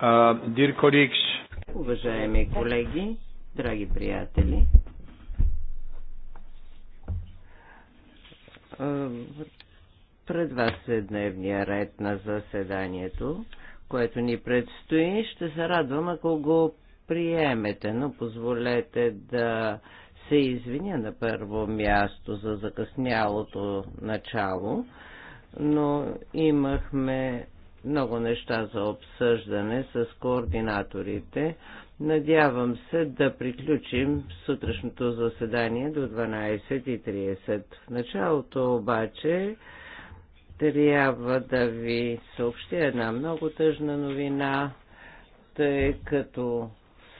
Uh, Уважаеми колеги, драги приятели, пред вас е дневния ред на заседанието, което ни предстои. Ще се радвам, ако го приемете, но позволете да се извиня на първо място за закъснялото начало, но имахме много неща за обсъждане с координаторите. Надявам се да приключим сутрешното заседание до 12.30. В началото обаче трябва да ви съобщя една много тъжна новина, тъй като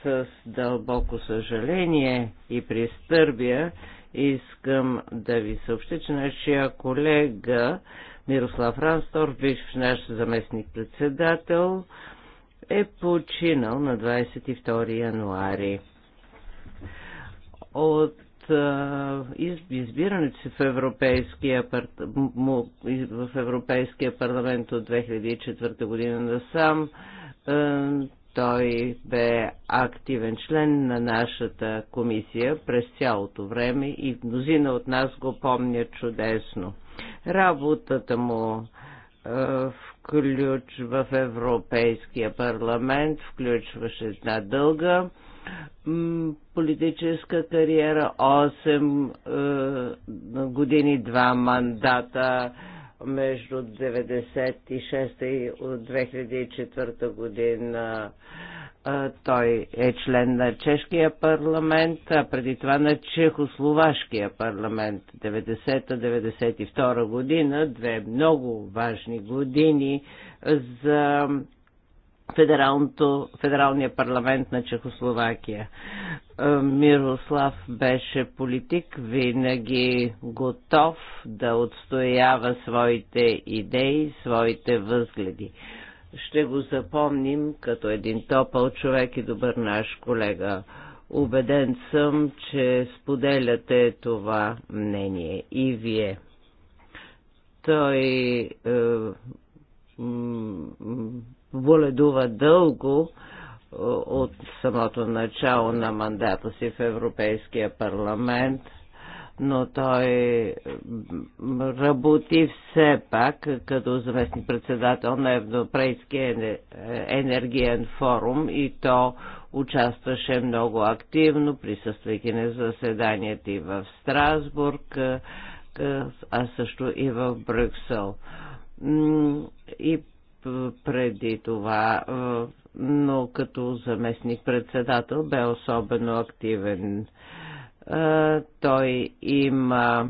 с дълбоко съжаление и пристърбия искам да ви съобщя, че нашия колега Мирослав Ранстор, бивш наш заместник-председател, е починал на 22 януари. От избирането си в Европейския, пар... в Европейския парламент от 2004 година насам, той бе активен член на нашата комисия през цялото време и мнозина от нас го помня чудесно. Работата му включ в Европейския парламент, включваше една дълга политическа кариера, 8 години, два мандата между 96 и 2004 година той е член на чешкия парламент, а преди това на чехословашкия парламент 90-92 година, две много важни години за федералния парламент на Чехословакия. Мирослав беше политик, винаги готов да отстоява своите идеи, своите възгледи ще го запомним като един топъл човек и добър наш колега. Убеден съм, че споделяте това мнение и вие. Той е, боледува дълго е, от самото начало на мандата си в Европейския парламент – но той работи все пак като заместник председател на Европейския енергиен форум и то участваше много активно, присъствайки на заседанията и в Страсбург, а също и в Брюксел. И преди това, но като заместник председател бе особено активен. Той има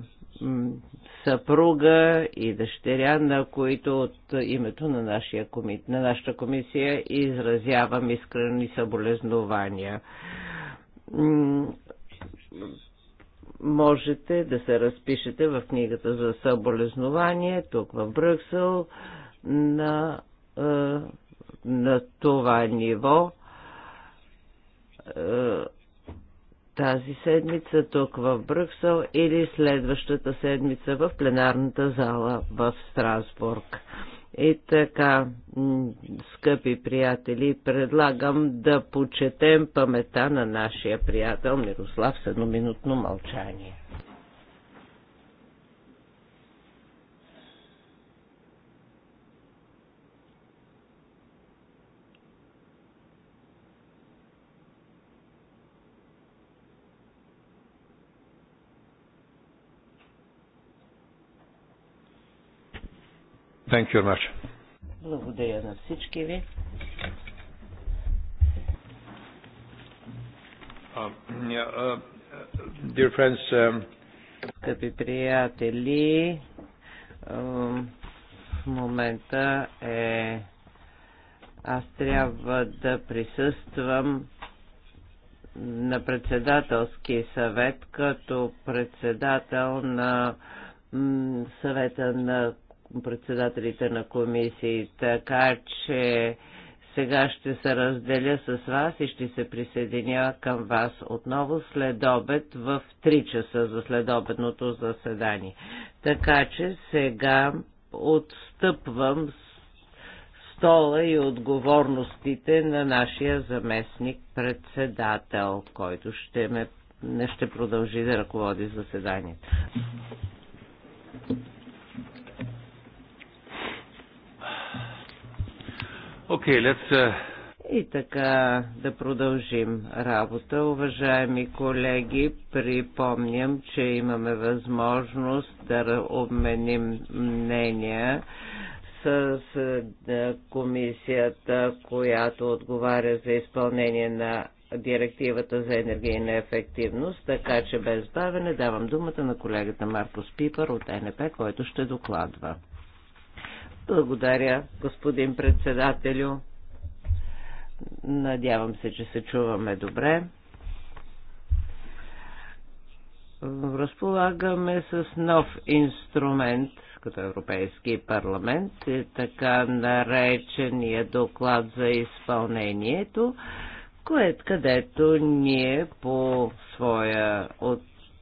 съпруга и дъщеря, на които от името на, нашия коми... на нашата комисия изразявам искрени съболезнования. Можете да се разпишете в книгата за съболезнование тук в Брюксел на, на това ниво тази седмица тук в Брюксел или следващата седмица в пленарната зала в Страсбург. И така, скъпи приятели, предлагам да почетем памета на нашия приятел Мирослав с едноминутно мълчание. Thank you very much. Благодаря на всички ви. Uh, yeah, uh, uh friends, um, Скъпи приятели, в момента е аз трябва да присъствам на председателски съвет като председател на съвета на председателите на комисии, така че сега ще се разделя с вас и ще се присъединя към вас отново след обед в 3 часа за следобедното заседание. Така че сега отстъпвам стола и отговорностите на нашия заместник председател, който ще ме не ще продължи да ръководи заседанието. Okay, let's... Uh, И така да продължим работа. Уважаеми колеги, припомням, че имаме възможност да обменим мнения с комисията, която отговаря за изпълнение на директивата за енергийна ефективност, така че без бавене давам думата на колегата Маркос Пипър от НП, който ще докладва. Благодаря, господин председателю. Надявам се, че се чуваме добре. Разполагаме с нов инструмент като Европейски парламент, е така наречения доклад за изпълнението, което където ние по своя от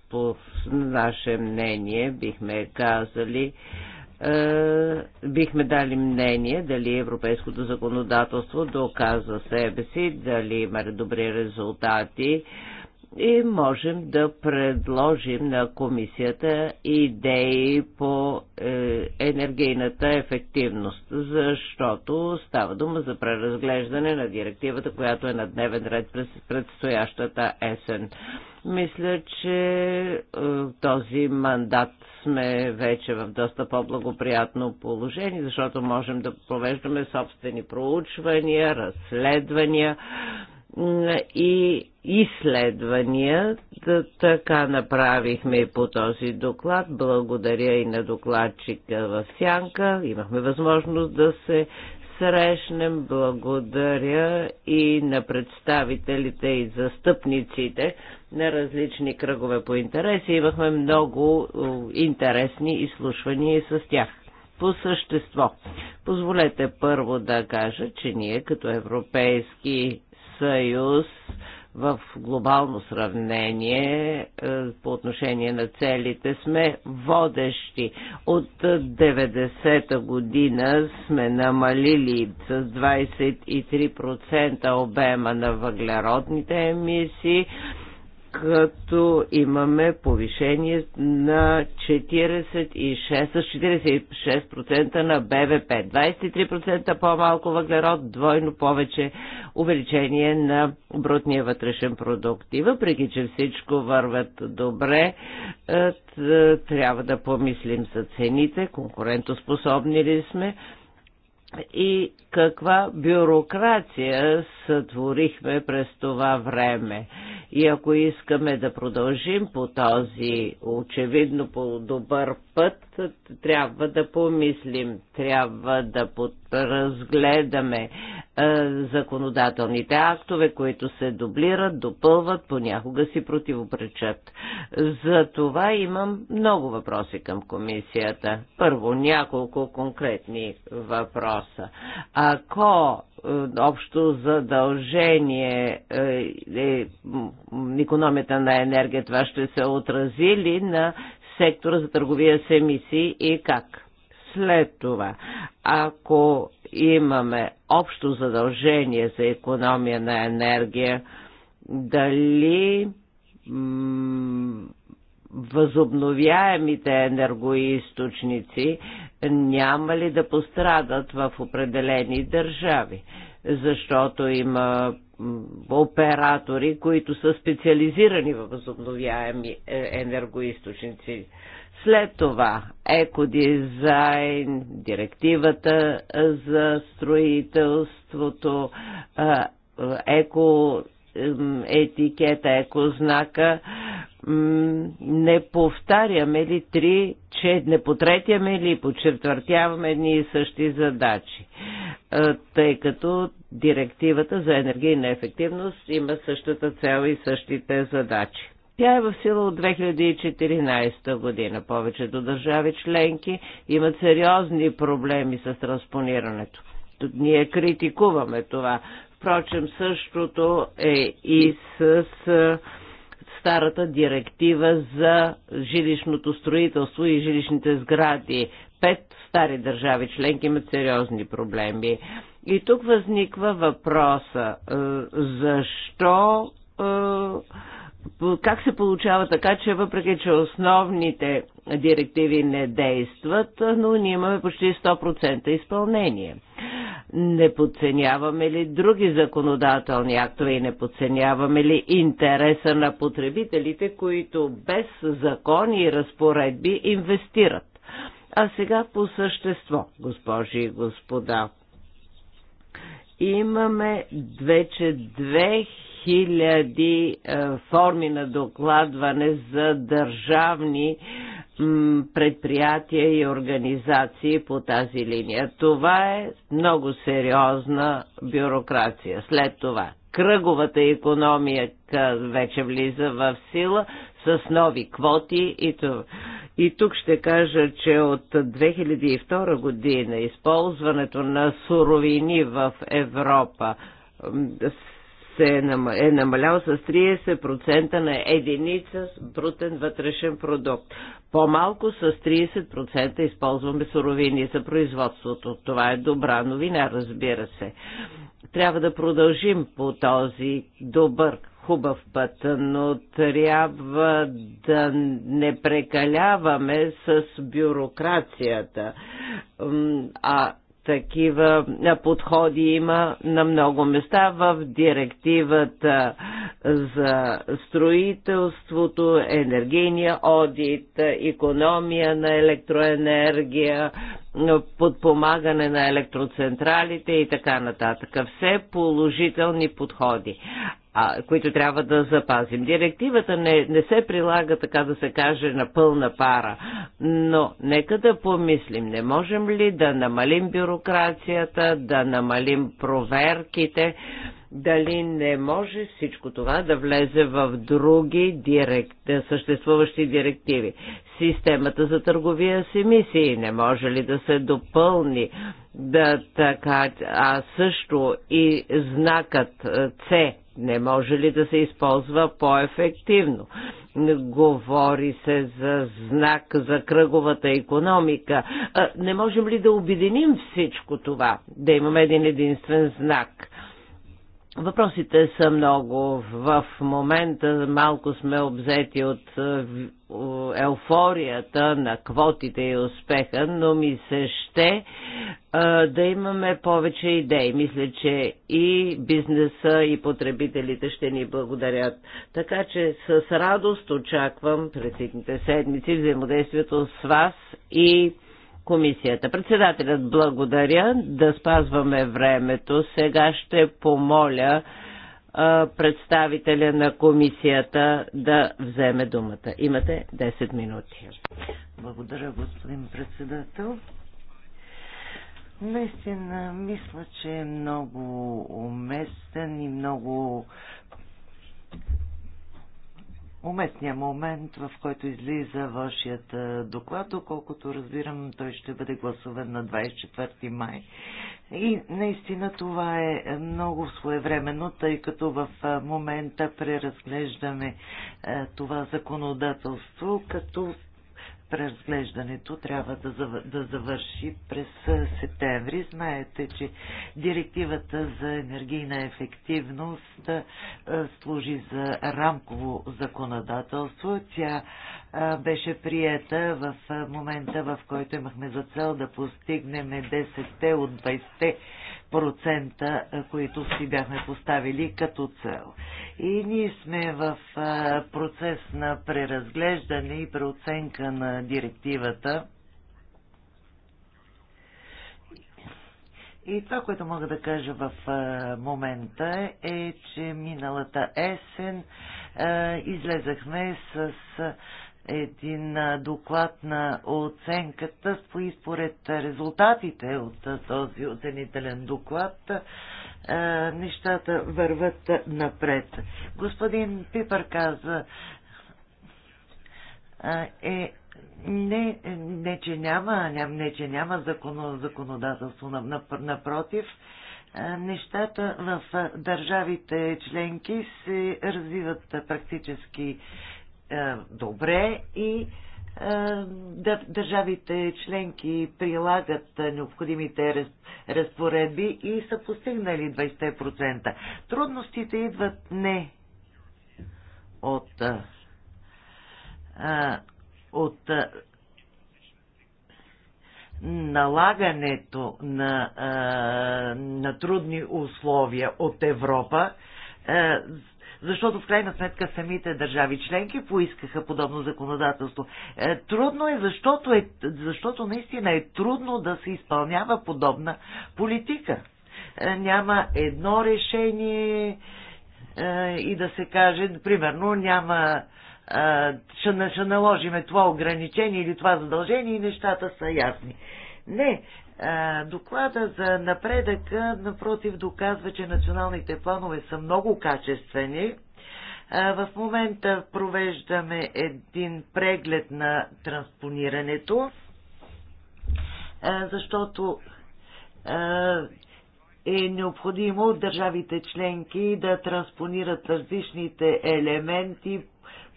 по наше мнение бихме казали, е, бихме дали мнение дали европейското законодателство доказва себе си, дали има добри резултати и можем да предложим на комисията идеи по е, енергийната ефективност, защото става дума за преразглеждане на директивата, която е на дневен ред през предстоящата есен. Мисля, че е, този мандат сме вече в доста по-благоприятно положение, защото можем да провеждаме собствени проучвания, разследвания и изследвания. Така направихме и по този доклад. Благодаря и на докладчика в Сянка. Имахме възможност да се срещнем. Благодаря и на представителите и застъпниците на различни кръгове по интереси. Имахме много интересни изслушвания с тях. По същество, позволете първо да кажа, че ние като Европейски съюз в глобално сравнение е, по отношение на целите сме водещи. От 90-та е, година сме намалили с 23% обема на въглеродните емисии, като имаме повишение на 46, с 46% на БВП, 23% по-малко въглерод, двойно повече увеличение на брутния вътрешен продукт. И въпреки, че всичко върват добре, е, трябва да помислим за цените, конкурентоспособни ли сме, и каква бюрокрация сътворихме през това време. И ако искаме да продължим по този очевидно по добър път, трябва да помислим, трябва да разгледаме е, законодателните актове, които се дублират, допълват, понякога си противопречат. За това имам много въпроси към комисията. Първо, няколко конкретни въпроса. Ако е, общо задължение е, е, економията на енергия, това ще се отрази ли на сектора за търговия с емисии и как. След това, ако имаме общо задължение за економия на енергия, дали възобновяемите енергоисточници няма ли да пострадат в определени държави, защото има оператори, които са специализирани във възобновяеми е, енергоисточници. След това екодизайн, директивата е, за строителството, е, еко етикета, екознака, не повтаряме ли три, че не потретяме ли, подчетвъртяваме едни и същи задачи, тъй като директивата за енергийна ефективност има същата цел и същите задачи. Тя е в сила от 2014 година. Повечето държави членки имат сериозни проблеми с транспонирането ние критикуваме това, Впрочем, същото е и с старата директива за жилищното строителство и жилищните сгради. Пет стари държави членки имат сериозни проблеми. И тук възниква въпроса, защо как се получава така, че въпреки, че основните директиви не действат, но ние имаме почти 100% изпълнение – не подценяваме ли други законодателни актове и не подценяваме ли интереса на потребителите, които без закони и разпоредби инвестират? А сега по същество, госпожи и господа имаме вече 2000 хиляди е, форми на докладване за държавни предприятия и организации по тази линия. Това е много сериозна бюрокрация. След това кръговата економия вече влиза в сила с нови квоти и това. И тук ще кажа, че от 2002 година използването на суровини в Европа се е, нам... е намалял с 30% на единица с брутен вътрешен продукт. По-малко с 30% използваме суровини за производството. Това е добра новина, разбира се. Трябва да продължим по този добър хубав път, но трябва да не прекаляваме с бюрокрацията. А такива подходи има на много места в директивата за строителството, енергийния одит, економия на електроенергия, подпомагане на електроцентралите и така нататък. Все положителни подходи а, които трябва да запазим. Директивата не, не се прилага, така да се каже, на пълна пара, но нека да помислим, не можем ли да намалим бюрокрацията, да намалим проверките, дали не може всичко това да влезе в други директ, съществуващи директиви. Системата за търговия с емисии не може ли да се допълни, да така, а също и знакът е, С не може ли да се използва по-ефективно? Говори се за знак за кръговата економика. не можем ли да обединим всичко това? Да имаме един единствен знак. Въпросите са много. В момента малко сме обзети от е, еуфорията на квотите и успеха, но ми се ще а, е, да имаме повече идеи. Мисля, че и бизнеса, и потребителите ще ни благодарят. Така че с радост очаквам през седмици взаимодействието с вас и комисията. Председателят благодаря да спазваме времето. Сега ще помоля а, представителя на комисията да вземе думата. Имате 10 минути. Благодаря, господин председател. Наистина, мисля, че е много уместен и много уместния момент, в който излиза вашият доклад, доколкото разбирам, той ще бъде гласуван на 24 май. И наистина това е, е много своевременно, тъй като в момента преразглеждаме това законодателство, като разглеждането трябва да, зав... да завърши през септември. Знаете, че директивата за енергийна ефективност служи за рамково законодателство. Тя беше приета в момента, в който имахме за цел да постигнем 10 от 20 процента, които си бяхме поставили като цел. И ние сме в процес на преразглеждане и преоценка на директивата. И това, което мога да кажа в момента е, че миналата есен излезахме с един доклад на оценката и според резултатите от този оценителен доклад нещата върват напред. Господин Пипър каза, е не, не, че няма, не, не че няма закон, законодателство, напротив, нещата в държавите членки се развиват практически е, добре и е, държавите членки прилагат необходимите разпоредби и са постигнали 20%. Трудностите идват не от, е, от налагането на, на трудни условия от Европа, защото в крайна сметка самите държави членки поискаха подобно законодателство. Е, трудно е защото, е, защото наистина е трудно да се изпълнява подобна политика. Е, няма едно решение е, и да се каже, примерно, няма е, ще, ще наложиме това ограничение или това задължение и нещата са ясни. Не, Доклада за напредъка, напротив, доказва, че националните планове са много качествени. В момента провеждаме един преглед на транспонирането, защото е необходимо държавите членки да транспонират различните елементи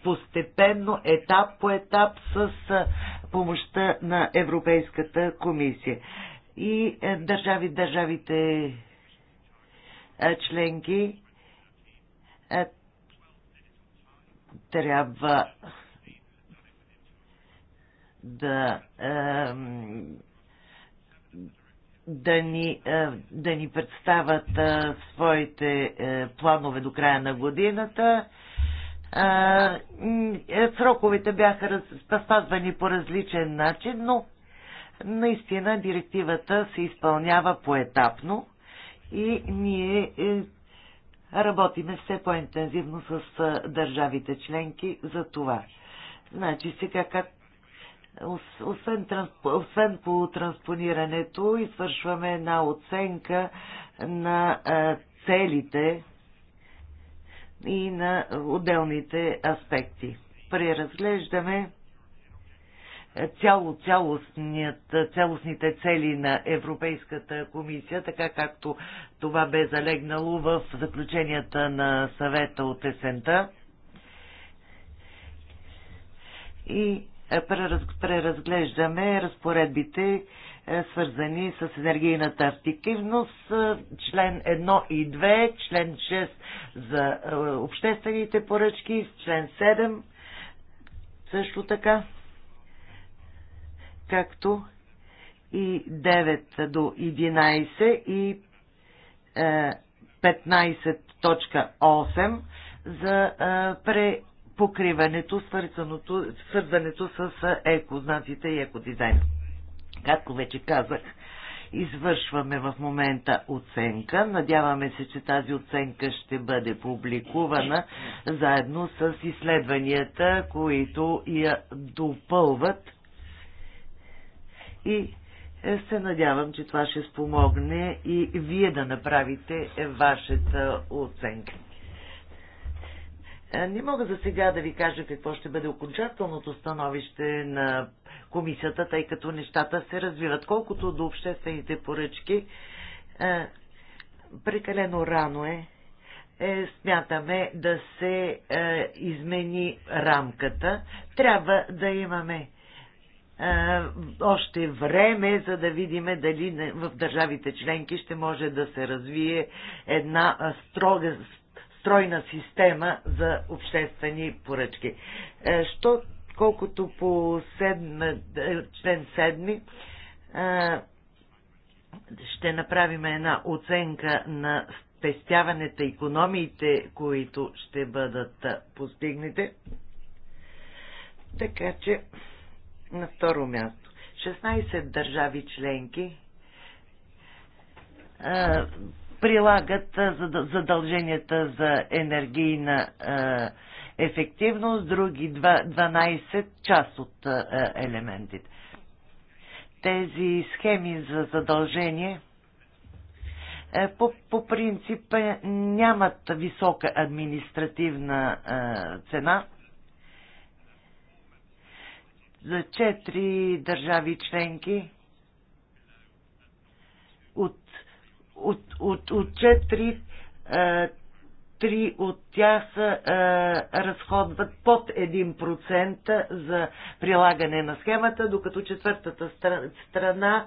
постепенно, етап по етап с помощта на Европейската комисия и е, държави, държавите е, членки е, трябва да да ни, да ни представят своите планове до края на годината. Сроковете бяха спазвани по различен начин, но наистина директивата се изпълнява поетапно и ние е, работиме все по-интензивно с е, държавите членки за това. Значи сега как освен, освен по транспонирането, извършваме една оценка на е, целите и на отделните аспекти. Преразглеждаме цяло, цялостните цели на Европейската комисия, така както това бе залегнало в заключенията на съвета от есента. И преразглеждаме разпоредбите, свързани с енергийната активност, член 1 и 2, член 6 за обществените поръчки, член 7 също така както и 9 до 11 и 15.8 е, за е, препокриването, свързането с е, екознаците и екодизайн. Както вече казах, извършваме в момента оценка. Надяваме се, че тази оценка ще бъде публикувана заедно с изследванията, които я допълват и е, се надявам, че това ще спомогне и вие да направите вашата оценка. Е, не мога за сега да ви кажа какво ще бъде окончателното становище на комисията, тъй като нещата се развиват. Колкото до обществените поръчки, е, прекалено рано е, смятаме да се измени рамката. Трябва да имаме е, още време, за да видим дали в държавите членки ще може да се развие една строга, стройна система за обществени поръчки. Е, що, колкото по седм, е, член 7 ще направим една оценка на спестяването, економиите, които ще бъдат постигнати. Така че на второ място, 16 държави членки а, прилагат задълженията за енергийна а, ефективност, други 12 част от а, елементите. Тези схеми за задължение по, по принцип е, нямат висока административна а, цена, за четири държави членки от, от, от, от четири е, три от тях е, разходват под 1% за прилагане на схемата, докато четвъртата страна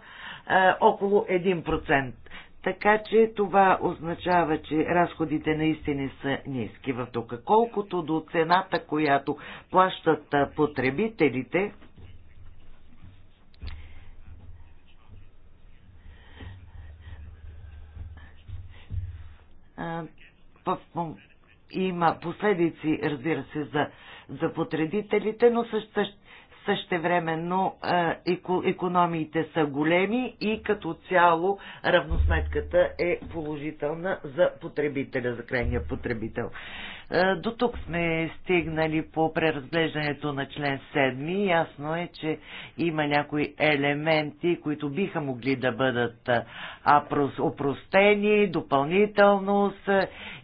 е, около 1%. Така че това означава, че разходите наистина са ниски в тук. Колкото до цената, която плащат е, потребителите, има последици, разбира се, за, за потребителите, но също, същевременно еко, економиите са големи и като цяло равносметката е положителна за потребителя, за крайния потребител. Е, до тук сме стигнали по преразглеждането на член 7. Ясно е, че има някои елементи, които биха могли да бъдат е, опростени, допълнителност,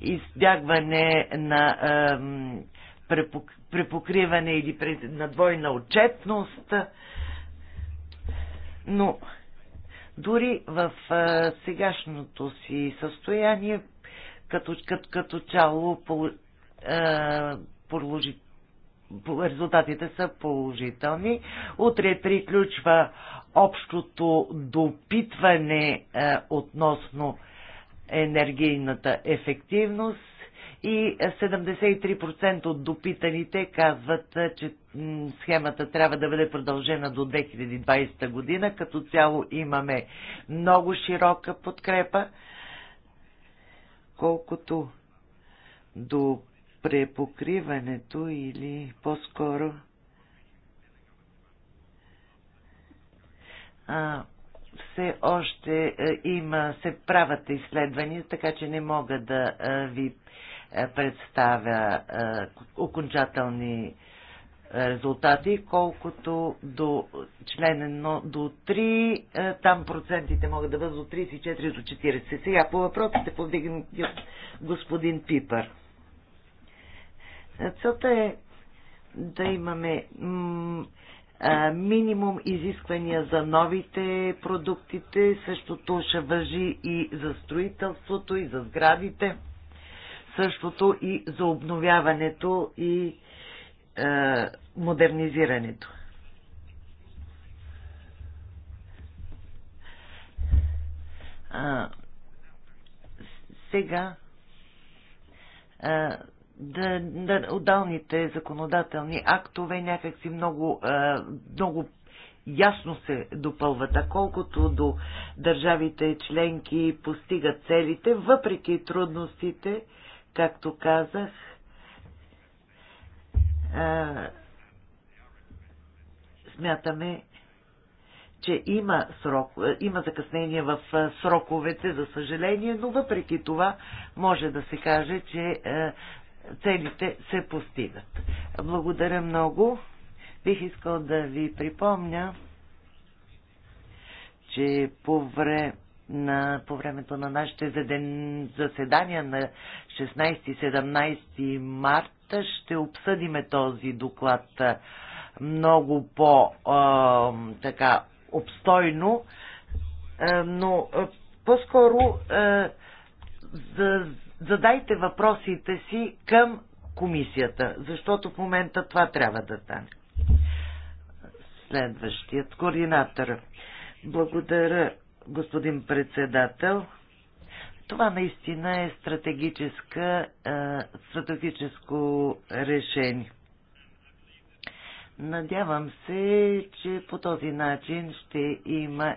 избягване на препокриване или на двойна отчетност. Но дори в е, сегашното си състояние като, като, като чало е, положи, резултатите са положителни. Утре приключва общото допитване е, относно енергийната ефективност и 73% от допитаните казват, е, че схемата трябва да бъде продължена до 2020 година. Като цяло имаме много широка подкрепа. Колкото до препокриването или по-скоро все още е, има, се правят изследвания, така че не мога да е, ви е, представя окончателни резултати, колкото до член 1 до 3, там процентите могат да бъдат до 34 до 40. Сега по въпросите повдигнати от господин Пипър. Целта е да имаме минимум изисквания за новите продуктите, същото ще въжи и за строителството, и за сградите, същото и за обновяването и модернизирането. А, сега а, да, да, отдалните законодателни актове някакси много, много ясно се допълват, а колкото до държавите членки постигат целите, въпреки трудностите, както казах, смятаме, че има, срок, има закъснение в сроковете, за съжаление, но въпреки това може да се каже, че целите се постигат. Благодаря много. Бих искал да ви припомня, че по време на, по времето на нашите заседания на 16-17 марта ще обсъдиме този доклад много по а, така обстойно, а, но по-скоро за задайте въпросите си към комисията, защото в момента това трябва да стане. Следващият координатор. Благодаря, господин председател. Това наистина е стратегическа, е, стратегическо решение. Надявам се, че по този начин ще има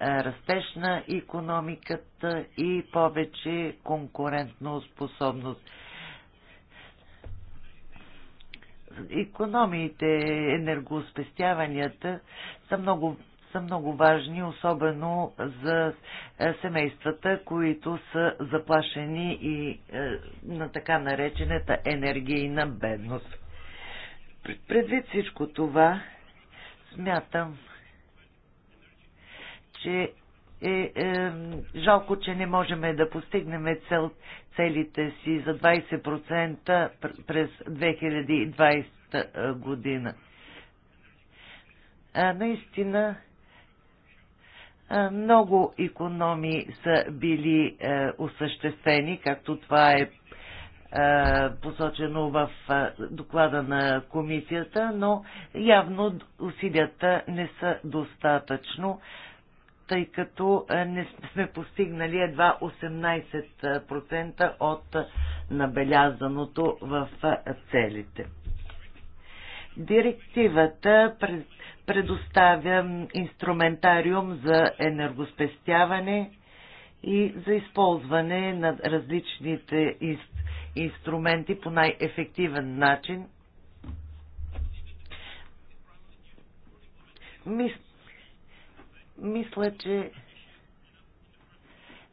е, растеж на економиката и повече конкурентно способност. Економиите, енергоспестяванията са много, са много важни, особено за е, семействата, които са заплашени и е, на така наречената енергийна бедност. Предвид всичко това, смятам, че е, е жалко, че не можем да постигнем цел, целите си за 20% през 2020 година. А, наистина, много економии са били е, осъществени, както това е, е посочено в е, доклада на комисията, но явно усилията не са достатъчно. Е, тъй като е, не сме постигнали едва 18% от набелязаното в е, целите. Директивата предоставя инструментариум за енергоспестяване и за използване на различните инструменти по най-ефективен начин мисля, че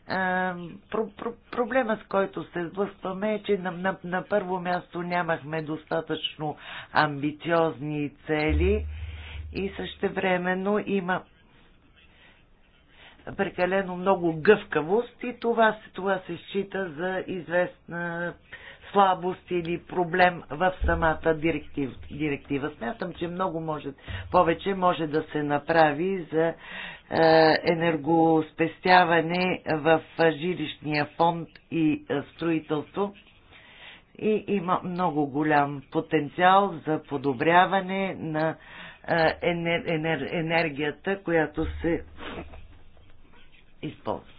а, про, про, проблема, с който се сблъскваме е, че на, на, на първо място нямахме достатъчно амбициозни цели и същевременно има прекалено много гъвкавост и това, това се счита за известна слабост или проблем в самата директив, директива. Смятам, че много може, повече може да се направи за е, енергоспестяване в жилищния фонд и е, строителство. И има много голям потенциал за подобряване на е, енер, енер, енергията, която се използва.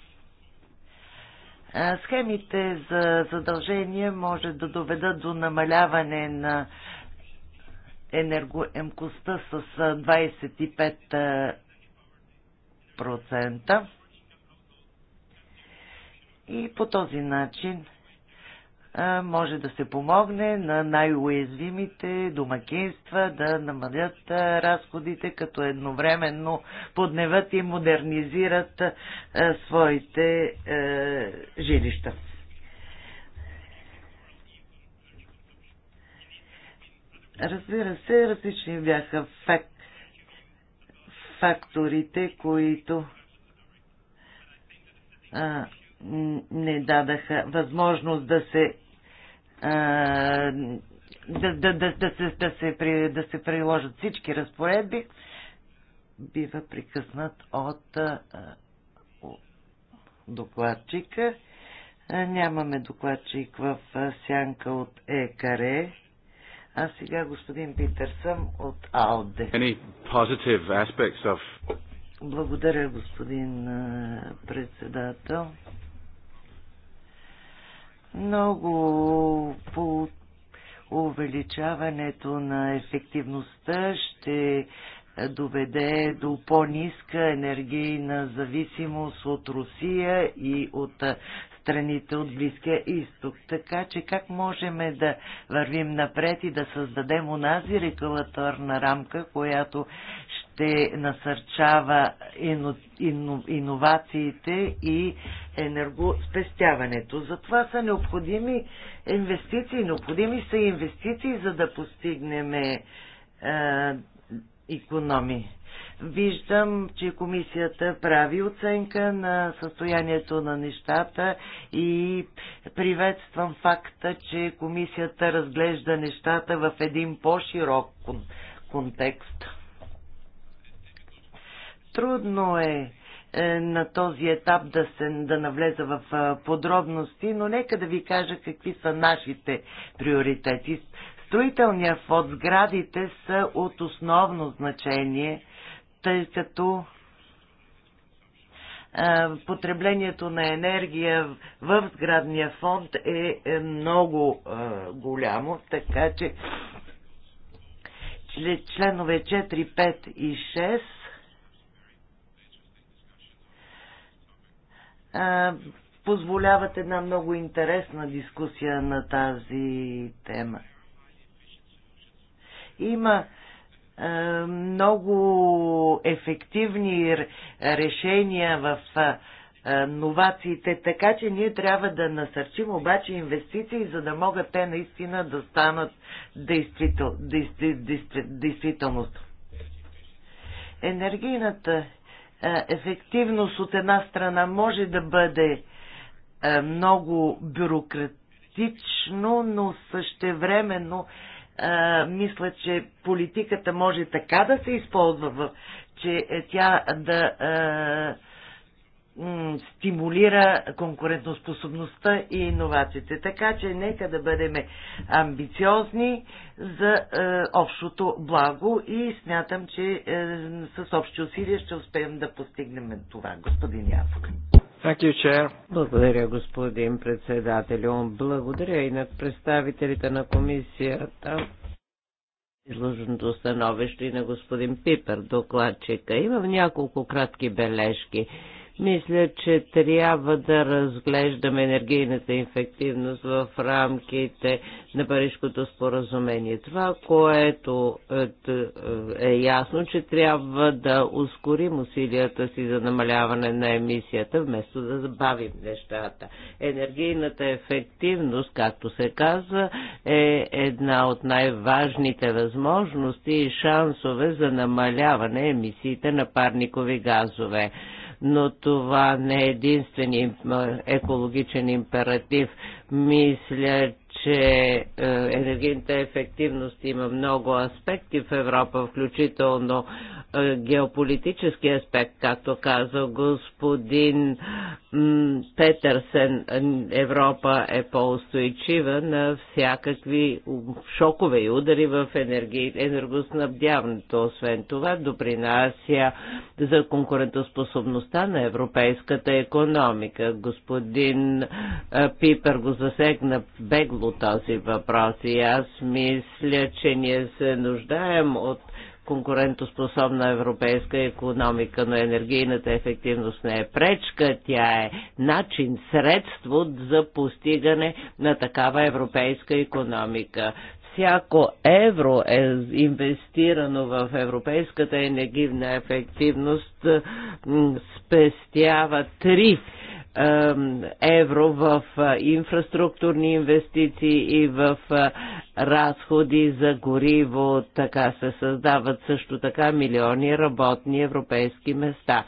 Схемите за задължение може да доведат до намаляване на енергоемкостта с 25% и по този начин може да се помогне на най-уязвимите домакинства да намалят разходите, като едновременно подневат и модернизират своите жилища. Разбира се, различни бяха фак... факторите, които а, не дадаха възможност да се да, да, да, да, се, да, се, да се приложат всички разпоредби, бива прекъснат от а, докладчика. А, нямаме докладчик в а, сянка от ЕКАРЕ. А сега господин Питерсъм от АЛДЕ. Any positive aspects of... Благодаря, господин председател много по увеличаването на ефективността ще доведе до по-ниска енергийна зависимост от Русия и от страните от Близкия изток. Така че как можем да вървим напред и да създадем унази регулаторна рамка, която ще насърчава ино, ино, иновациите и енергоспестяването. Затова са необходими инвестиции. Необходими са инвестиции, за да постигнем е, економи. Виждам, че комисията прави оценка на състоянието на нещата и приветствам факта, че комисията разглежда нещата в един по-широк контекст. Трудно е, е на този етап да, се, да навлеза в е, подробности, но нека да ви кажа какви са нашите приоритети. Строителния фонд, сградите са от основно значение, тъй като е, потреблението на енергия в сградния фонд е много голямо, така че членове 4, 5 и 6 позволяват една много интересна дискусия на тази тема. Има много ефективни решения в новациите, така че ние трябва да насърчим обаче инвестиции, за да могат те наистина да станат действител, действител, действителност. Енергийната е, ефективност от една страна може да бъде е, много бюрократично, но същевременно е, мисля, че политиката може така да се използва, че тя да стимулира конкурентоспособността и иновациите. Така че нека да бъдем амбициозни за е, общото благо и смятам, че е, с общи усилия ще успеем да постигнем това, господин Явор. Благодаря, господин председател. Благодаря и на представителите на комисията изложеното становище и на господин Пипер, докладчика. Имам няколко кратки бележки. Мисля, че трябва да разглеждаме енергийната инфективност в рамките на Парижското споразумение. Това, което е, е, е ясно, че трябва да ускорим усилията си за намаляване на емисията, вместо да забавим нещата. Енергийната ефективност, както се казва, е една от най-важните възможности и шансове за намаляване емисиите на парникови газове но това не е единствен екологичен императив. Мисля, че е, енергийната ефективност има много аспекти в Европа, включително е, геополитически аспект, както каза господин Петърсен. Е, Европа е по-устойчива на всякакви шокове и удари в енергоснабдяването. Освен това, допринася за конкурентоспособността на европейската економика. Господин Пипер го засегна бегло по тази въпрос и аз мисля, че ние се нуждаем от конкурентоспособна европейска економика, но енергийната ефективност не е пречка, тя е начин, средство за постигане на такава европейска економика всяко евро е инвестирано в европейската енергийна ефективност, спестява три евро в инфраструктурни инвестиции и в разходи за гориво. Така се създават също така милиони работни европейски места.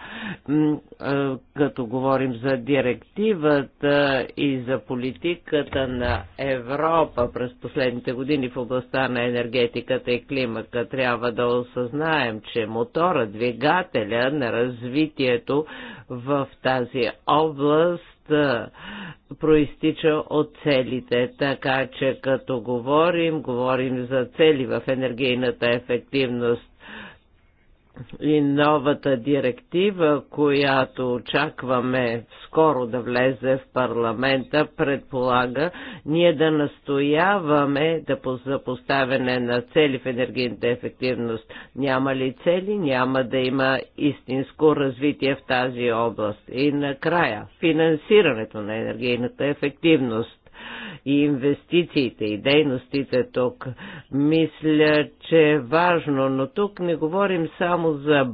Като говорим за директивата и за политиката на Европа през последните години в областта на енергетиката и климата, трябва да осъзнаем, че мотора, двигателя на развитието в тази област проистича от целите. Така че като говорим, говорим за цели в енергийната ефективност и новата директива, която очакваме скоро да влезе в парламента, предполага ние да настояваме да за поставяне на цели в енергийната ефективност. Няма ли цели, няма да има истинско развитие в тази област. И накрая, финансирането на енергийната ефективност и инвестициите и дейностите тук. Мисля, че е важно, но тук не говорим само за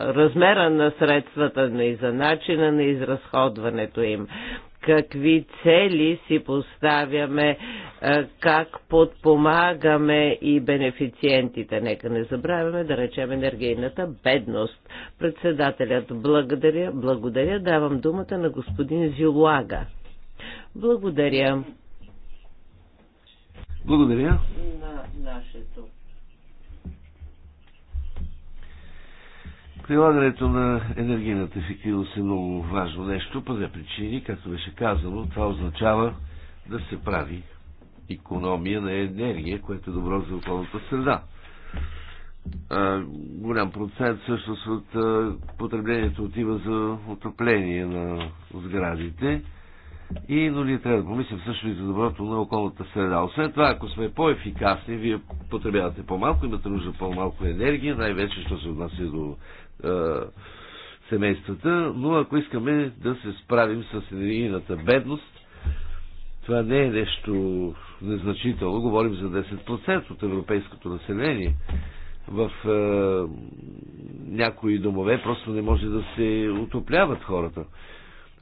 размера на средствата, но и за начина на изразходването им какви цели си поставяме, е, как подпомагаме и бенефициентите. Нека не забравяме да речем енергийната бедност. Председателят благодаря, благодаря, давам думата на господин Зилуага. Благодаря. Благодаря. На нашето Прилагането на енергийната ефективност е много важно нещо по две причини. Както беше казано, това означава да се прави економия на енергия, което е добро за околната среда. А, голям процент всъщност от а, потреблението отива за отопление на сградите. И, но ние трябва да помислим също и за доброто на околната среда. Освен това, ако сме по-ефикасни, вие потребявате по-малко, имате нужда по-малко енергия, най-вече, що се отнася до семействата, но ако искаме да се справим с енергийната бедност, това не е нещо незначително. Говорим за 10% от европейското население. В е, някои домове просто не може да се отопляват хората.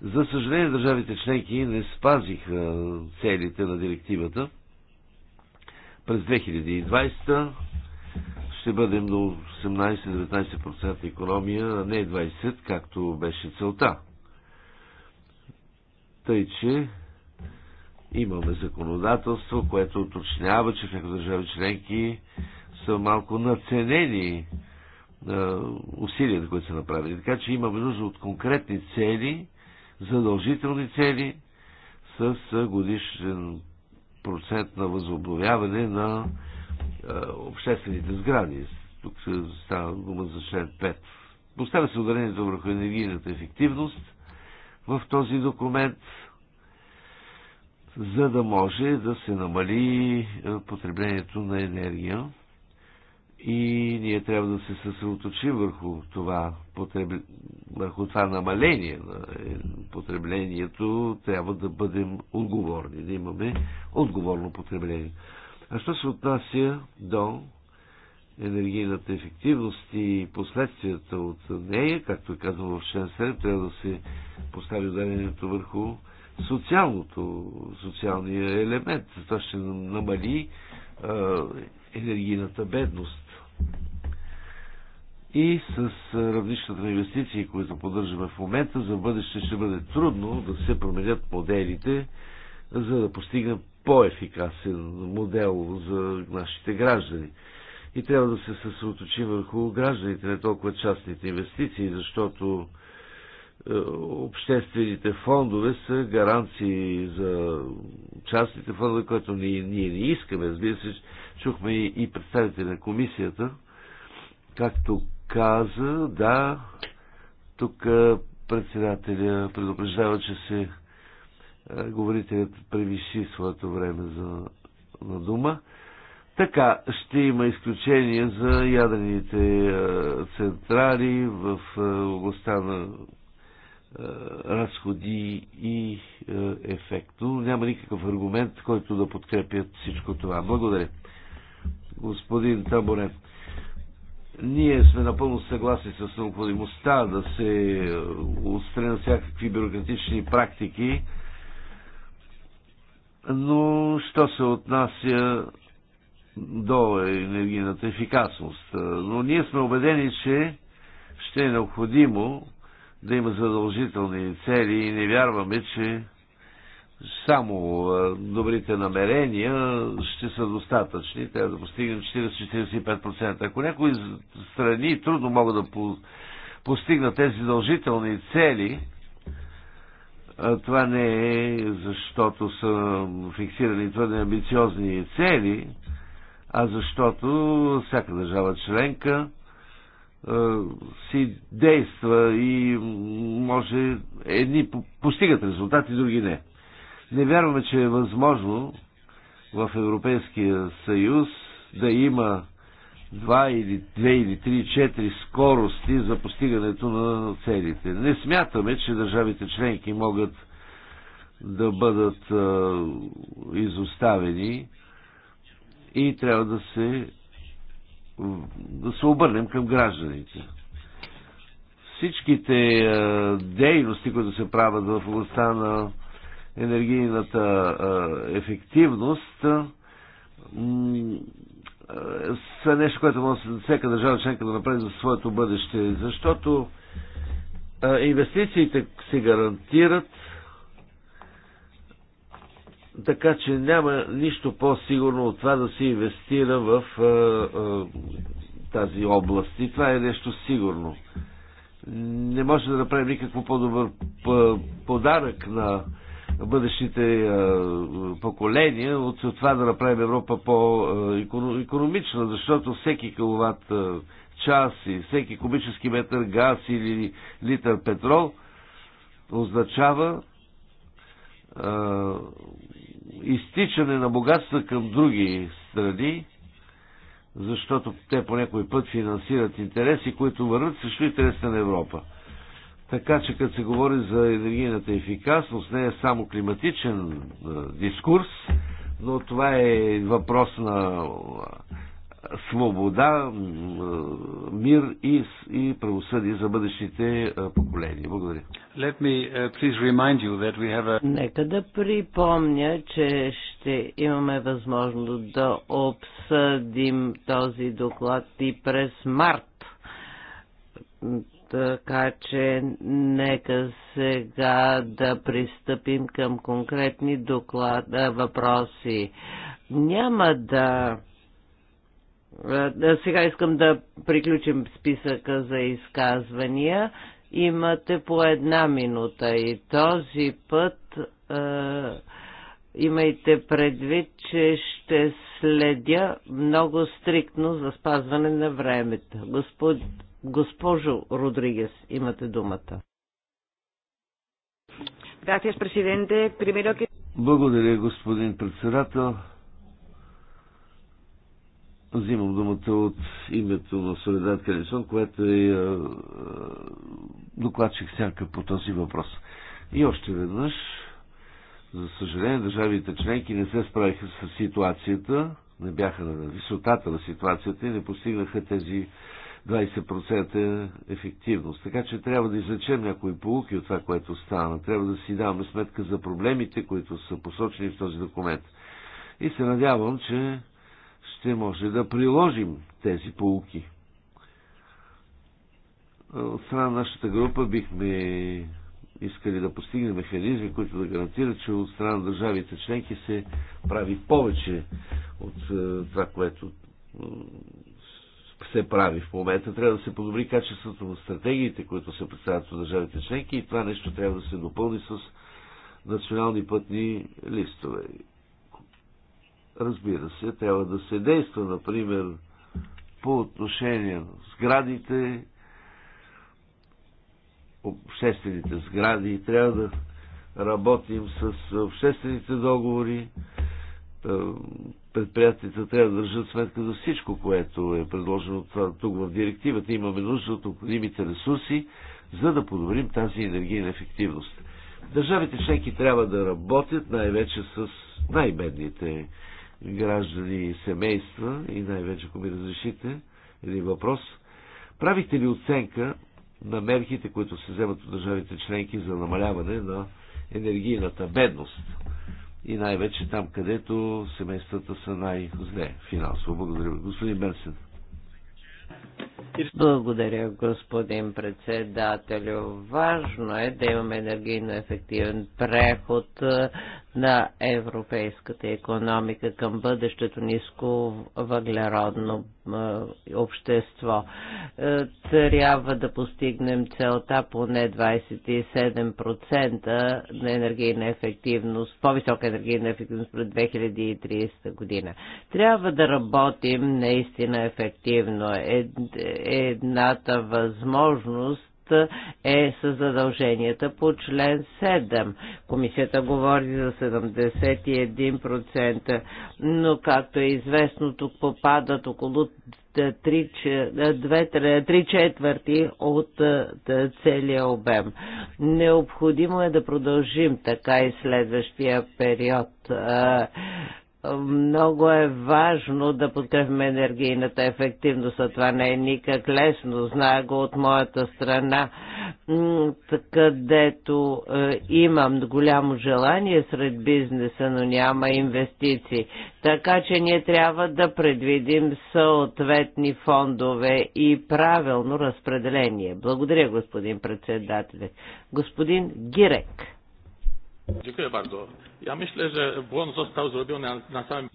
За съжаление, държавите членки не спазиха целите на директивата. През 2020 ще бъдем до 18-19% економия, а не 20%, както беше целта. Тъй, че имаме законодателство, което уточнява, че в някои държави членки са малко наценени е, усилията, които са направили. Така че имаме нужда от конкретни цели, задължителни цели с е, годишен процент на възобновяване на обществените сгради. Тук се става дума за член 5. Поставя се ударението върху енергийната ефективност в този документ, за да може да се намали потреблението на енергия. И ние трябва да се съсредоточим върху това, потреб... върху това намаление на е, потреблението. Трябва да бъдем отговорни, да имаме отговорно потребление. А що се отнася до енергийната ефективност и последствията от нея, както е казано в член 7, трябва да се постави ударението върху социалното, социалния елемент. Това ще намали а, енергийната бедност. И с равнищата на инвестиции, които поддържаме в момента, за бъдеще ще бъде трудно да се променят моделите, за да постигнем по-ефикасен модел за нашите граждани. И трябва да се съсредоточи върху гражданите, не толкова частните инвестиции, защото е, обществените фондове са гаранции за частните фондове, което ние, ние не искаме. Разбира се, чухме и, и представители на комисията, както каза, да, тук е, председателя предупреждава, че се е, говорителят превиши своето време за, на дума. Така, ще има изключение за ядрените е, централи в е, областта на разходи и ефект. Но няма никакъв аргумент, който да подкрепят всичко това. Благодаря. Господин Таборе, ние сме напълно съгласни с необходимостта да се отстранят всякакви бюрократични практики, но, що се отнася до енергийната ефикасност. Но ние сме убедени, че ще е необходимо да има задължителни цели и не вярваме, че само добрите намерения ще са достатъчни. Трябва да постигнем 40-45%. Ако някои страни трудно могат да постигнат тези задължителни цели, това не е защото са фиксирани твърде амбициозни цели, а защото всяка държава членка си действа и може едни постигат резултати, други не. Не вярваме, че е възможно в Европейския съюз да има два или две или три, четири скорости за постигането на целите. Не смятаме, че държавите членки могат да бъдат а, изоставени и трябва да се да се обърнем към гражданите. Всичките а, дейности, които се правят в областта на енергийната а, ефективност, са нещо, което може всяка държава членка да направи за своето бъдеще. Защото инвестициите се гарантират така че няма нищо по-сигурно от това да се инвестира в а, а, тази област. И това е нещо сигурно. Не може да направим никакво по-добър подарък на бъдещите е, поколения от това да направим Европа по-економична, защото всеки киловатт е, час и всеки кубически метър газ или литър петрол означава а, е, изтичане на богатства към други страни, защото те по някой път финансират интереси, които върват срещу интереса на Европа. Така че като се говори за енергийната ефикасност, не е само климатичен е, дискурс, но това е въпрос на е, свобода, е, мир и, и правосъдие за бъдещите поколения. Благодаря. Let me, please remind you that we have a... Нека да припомня, че ще имаме възможност да обсъдим този доклад и през март е, така че нека сега да пристъпим към конкретни доклад, е, въпроси. Няма е, да сега искам да приключим списъка за изказвания. Имате по една минута и този път е, имайте предвид, че ще следя много стриктно за спазване на времето. Господ Госпожо Родригес, имате думата. Благодаря, господин председател. Взимам думата от името на Соледат Калисон, което е, е докладчик сянка по този въпрос. И още веднъж, за съжаление, държавите членки не се справиха с ситуацията, не бяха на висотата на ситуацията и не постигнаха тези 20% ефективност. Така че трябва да излечем някои полуки от това, което стана. Трябва да си даваме сметка за проблемите, които са посочени в този документ. И се надявам, че ще може да приложим тези полуки. От страна на нашата група бихме искали да постигнем механизми, които да гарантират, че от страна на държавите членки се прави повече от е, това, което се прави в момента. Трябва да се подобри качеството на стратегиите, които се представят от държавите членки и това нещо трябва да се допълни с национални пътни листове. Разбира се, трябва да се действа, например, по отношение на сградите, обществените сгради, трябва да работим с обществените договори, предприятията трябва да държат сметка за всичко, което е предложено тук в директивата. Имаме нужда от необходимите ресурси, за да подобрим тази енергийна ефективност. Държавите членки трябва да работят най-вече с най-бедните граждани и семейства и най-вече, ако ми разрешите, един въпрос. Правите ли оценка на мерките, които се вземат от държавите членки за намаляване на енергийната бедност? и най-вече там, където семействата са най-зле финансово. Благодаря. Господин Бенсен. Благодаря, господин председателю. Важно е да имаме енергийно ефективен преход на европейската економика към бъдещето ниско въглеродно общество. Е, трябва да постигнем целта поне 27% на енергийна ефективност, по-висока енергийна ефективност пред 2030 година. Трябва да работим наистина ефективно. Едната възможност е с задълженията по член 7. Комисията говори за 71%, но както е известно, тук попадат около 3 четвърти от целия обем. Необходимо е да продължим така и следващия период много е важно да подкрепим енергийната ефективност, а това не е никак лесно. Зная го от моята страна, където е, имам голямо желание сред бизнеса, но няма инвестиции. Така че ние трябва да предвидим съответни фондове и правилно разпределение. Благодаря, господин председател. Господин Гирек.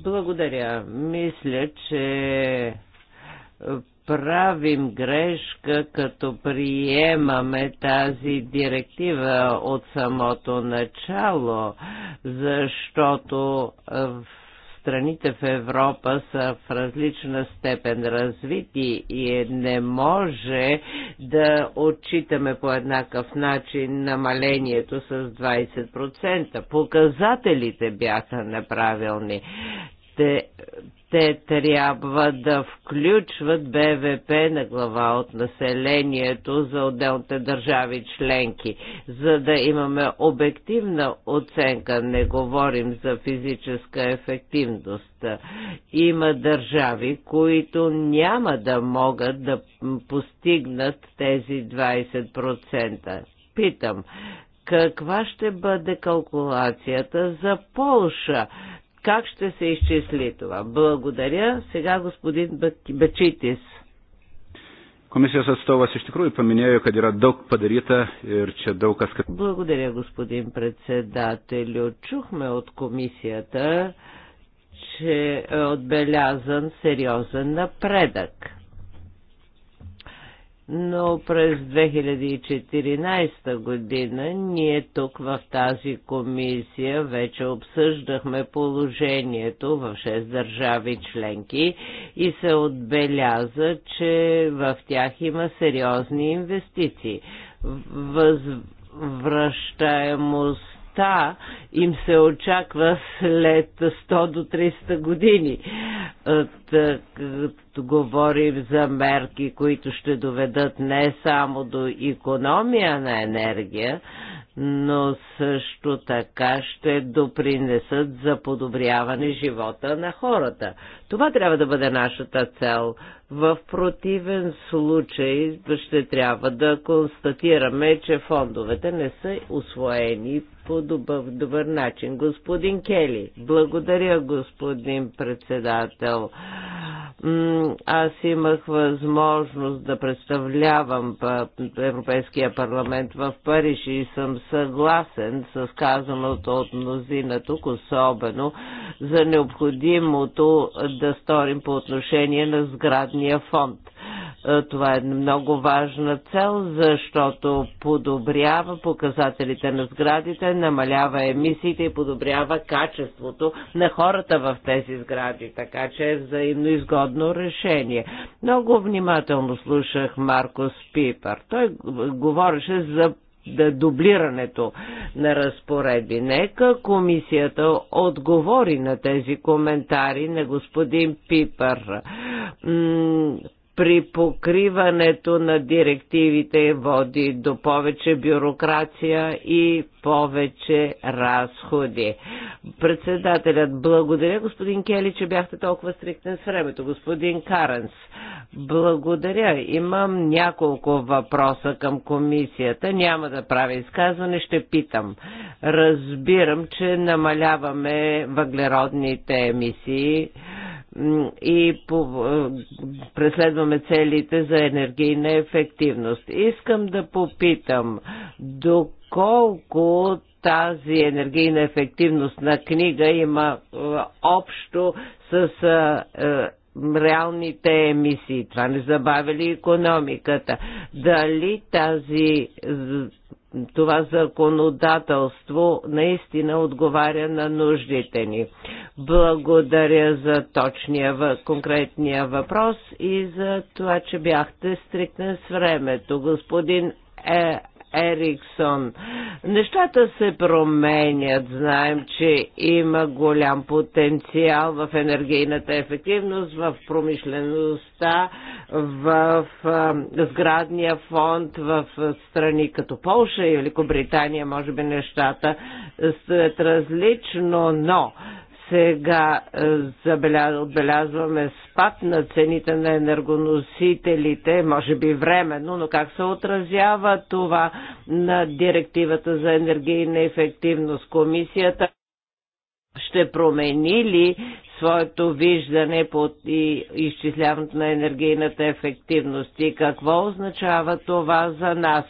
Благодаря. Мисля, че правим грешка, като приемаме тази директива от самото начало, защото в страните в Европа са в различна степен развити и не може да отчитаме по еднакъв начин намалението с 20%. Показателите бяха неправилни те, те трябва да включват БВП на глава от населението за отделните държави членки, за да имаме обективна оценка, не говорим за физическа ефективност. Има държави, които няма да могат да постигнат тези 20%. Питам, каква ще бъде калкулацията за Полша? Как ще се изчисли това? Благодаря. Сега господин Бачитис. Komisijos atstovas и tikrųjų и kad yra daug padaryta ir čia daug kas. Благодаря, господин председателю. Чухме от комисията, че е отбелязан сериозен напредък но през 2014 година ние тук в тази комисия вече обсъждахме положението в 6 държави членки и се отбеляза, че в тях има сериозни инвестиции. Възвръщаемост смъртта им се очаква след 100 до 300 години. Е, так, говорим за мерки, които ще доведат не само до економия на енергия, но също така ще допринесат за подобряване живота на хората. Това трябва да бъде нашата цел. В противен случай ще трябва да констатираме, че фондовете не са освоени по добър, добър начин. Господин Кели, благодаря, господин председател. Аз имах възможност да представлявам Европейския парламент в Париж и съм съгласен с казаното от мнозина тук, особено за необходимото да сторим по отношение на сградния фонд е, това е много важна цел, защото подобрява показателите на сградите, намалява емисиите и подобрява качеството на хората в тези сгради, така че е взаимно изгодно решение. Много внимателно слушах Маркос Пипър. Той говореше за да дублирането на разпоредби. Нека комисията отговори на тези коментари на господин Пипър при покриването на директивите води до повече бюрокрация и повече разходи. Председателят, благодаря господин Кели, че бяхте толкова стриктен с времето. Господин Каренс, благодаря. Имам няколко въпроса към комисията. Няма да правя изказване, ще питам. Разбирам, че намаляваме въглеродните емисии и по, преследваме целите за енергийна ефективност. Искам да попитам, доколко тази енергийна ефективност на книга има общо с реалните емисии. Това не забавя ли економиката? Дали тази това законодателство наистина отговаря на нуждите ни. Благодаря за точния конкретния въпрос и за това, че бяхте стрикнен с времето. Господин е, Ериксон. Нещата се променят. Знаем, че има голям потенциал в енергийната ефективност, в промишлеността, в сградния фонд, в страни като Полша и Великобритания, може би нещата стоят различно, но сега е, отбелязваме спад на цените на енергоносителите, може би временно, но как се отразява това на директивата за енергийна ефективност? Комисията ще промени ли своето виждане по изчисляването на енергийната ефективност. И какво означава това за нас?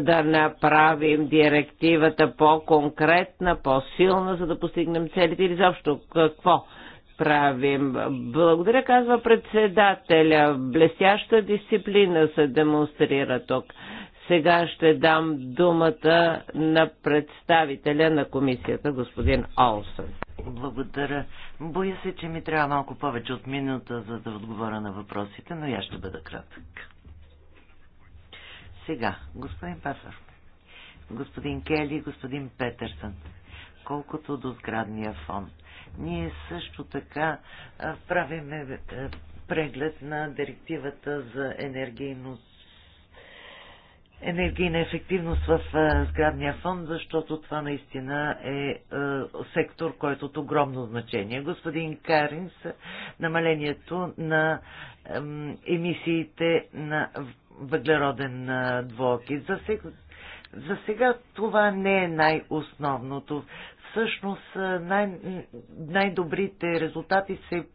Да направим директивата по-конкретна, по-силна, за да постигнем целите или заобщо какво? правим. Благодаря, казва председателя. Блестяща дисциплина се демонстрира тук. Сега ще дам думата на представителя на комисията, господин Олсън. Благодаря. Боя се, че ми трябва малко повече от минута, за да отговоря на въпросите, но я ще бъда кратък. Сега, господин Пасър, господин Кели, господин Петърсън, колкото до сградния фон, Ние също така правиме преглед на директивата за енергийност енергийна ефективност в сградния фонд, защото това наистина е, е сектор, който от огромно значение. Господин Каринс, намалението на емисиите на въглероден двоокид. за сега това не е най-основното всъщност най- най-добрите резултати се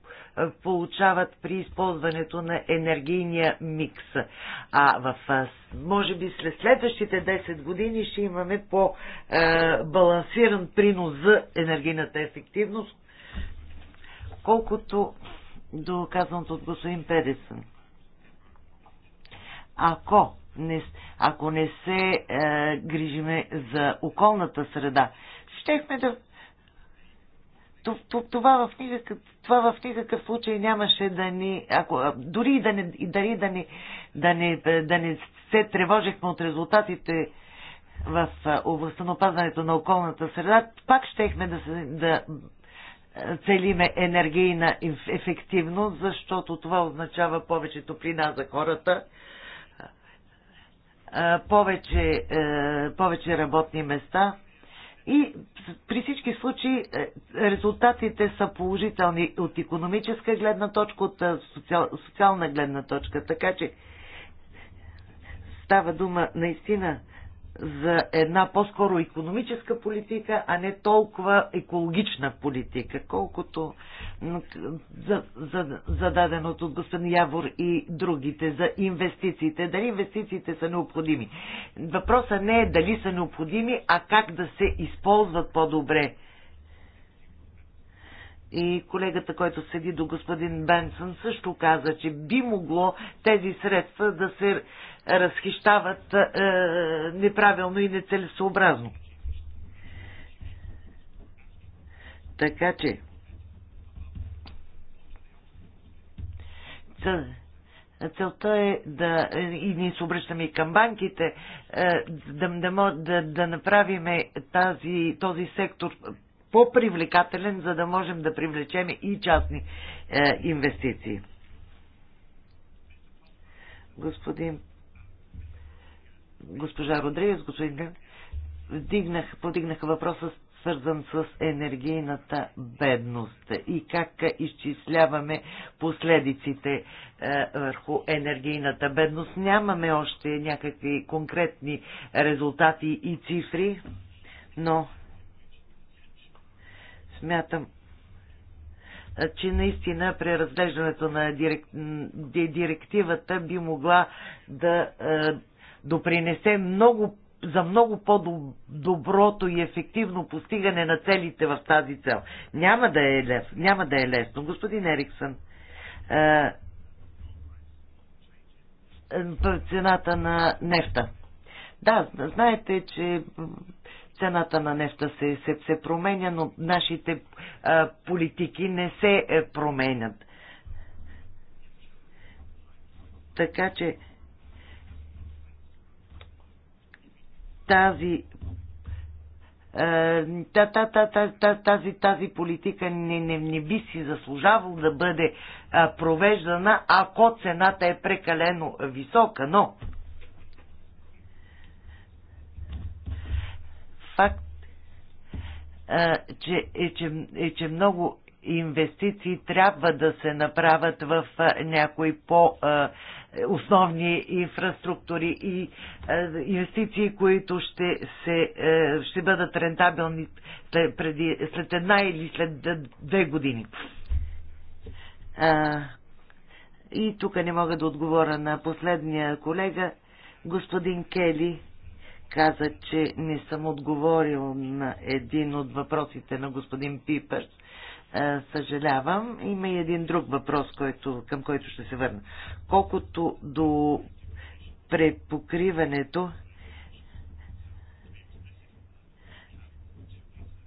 получават при използването на енергийния микс. А в, може би след следващите 10 години ще имаме по-балансиран принос за енергийната ефективност, колкото до казаното от господин Педесън. Ако не, ако не се е, грижиме за околната среда, щехме да... Това в, никакъв, това в никакъв случай нямаше да ни... Ако, дори да не, дали да, не, да, не, да не се тревожихме от резултатите в областта на опазването на околната среда, пак щехме да, се, да целиме енергийна ефективност, защото това означава повече топлина за хората, повече, повече работни места. И при всички случаи е, резултатите са положителни от економическа гледна точка, от е, социал, социална гледна точка. Така че става дума наистина за една по-скоро економическа политика, а не толкова екологична политика, колкото за, за, даденото от господин Явор и другите за инвестициите. Дали инвестициите са необходими? Въпросът не е дали са необходими, а как да се използват по-добре. И колегата, който седи до господин Бенсън, също каза, че би могло тези средства да се разхищават е, неправилно и нецелесообразно. Така че. Целта е да, и ние се обръщаме и към банките, е, да, да, да, да направиме тази, този сектор по-привлекателен, за да можем да привлечем и частни е, инвестиции. Господин госпожа Родриес, господин вдигнах, подигнаха въпроса свързан с енергийната бедност и как изчисляваме последиците е, върху енергийната бедност. Нямаме още някакви конкретни резултати и цифри, но смятам, е, че наистина преразглеждането на директ... директивата би могла да е, допринесе много, за много по-доброто и ефективно постигане на целите в тази цел. Няма да е, лес, няма да е лесно. Господин Ериксън, е, е цената на нефта. Да, знаете, че цената на нефта се, се, се променя, но нашите е, политики не се е, променят. Така че тази е, тази, тази политика не, не, не би си заслужавал да бъде е, провеждана, ако цената е прекалено висока, но факт е, че, е, че, е, че много инвестиции трябва да се направят в някои по- основни инфраструктури и е, инвестиции, които ще, се, е, ще бъдат рентабилни преди, след една или след две години. И тук не мога да отговоря на последния колега. Господин Кели каза, че не съм отговорил на един от въпросите на господин Пипърс е, съжалявам. Има и един друг въпрос, който, към който ще се върна. Колкото до препокриването,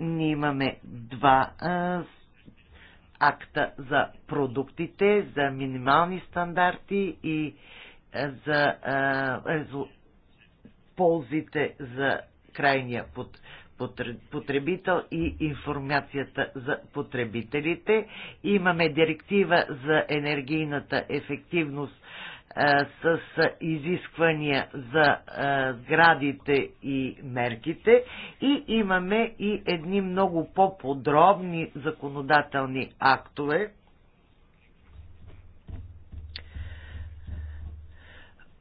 ние имаме два а, е, акта за продуктите, за минимални стандарти и а, е, за а, ползите за крайния под, потребител и информацията за потребителите. Имаме директива за енергийната ефективност с изисквания за сградите и мерките и имаме и едни много по-подробни законодателни актове,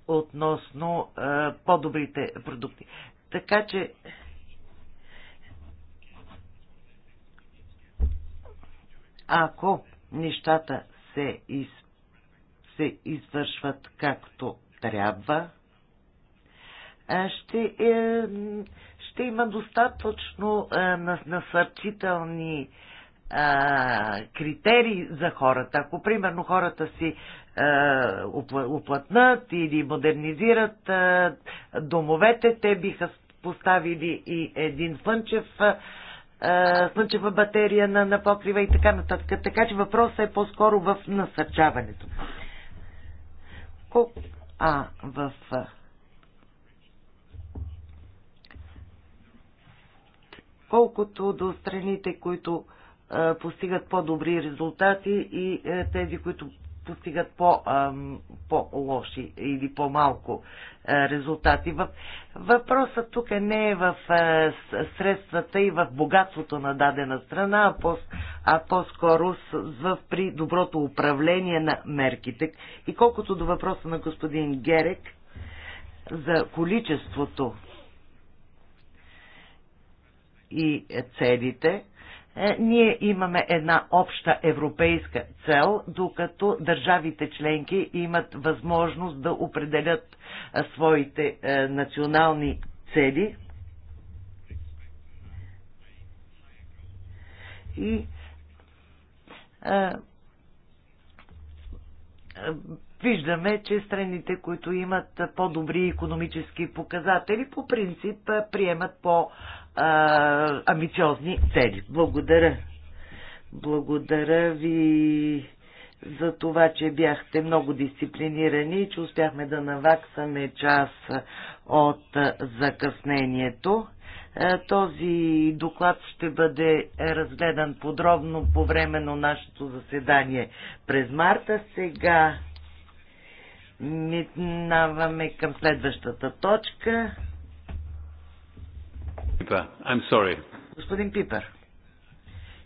относно по-добрите продукти. Така че Ако нещата се, из, се извършват както трябва, ще, е, ще има достатъчно е, насърчителни е, критерии за хората. Ако, примерно, хората си оплътнат или модернизират домовете, те биха поставили и един слънчев слънчева батерия на, на покрива и така нататък. Така че въпросът е по-скоро в насърчаването. Колко... А, в... Колкото до страните, които постигат по-добри резултати и е, тези, които постигат по, по-лоши или по-малко резултати. Въпросът тук е не е в средствата и в богатството на дадена страна, а по-скоро при доброто управление на мерките. И колкото до въпроса на господин Герек за количеството и целите, е, ние имаме една обща европейска цел, докато държавите членки имат възможност да определят е, своите е, национални цели и виждаме, че страните, които имат по-добри економически показатели, по принцип приемат по а, амбициозни цели. Благодаря. Благодаря ви за това, че бяхте много дисциплинирани и че успяхме да наваксаме час от закъснението. Този доклад ще бъде разгледан подробно по време на нашето заседание през марта. Сега минаваме към следващата точка. I'm sorry. Господин Пипер,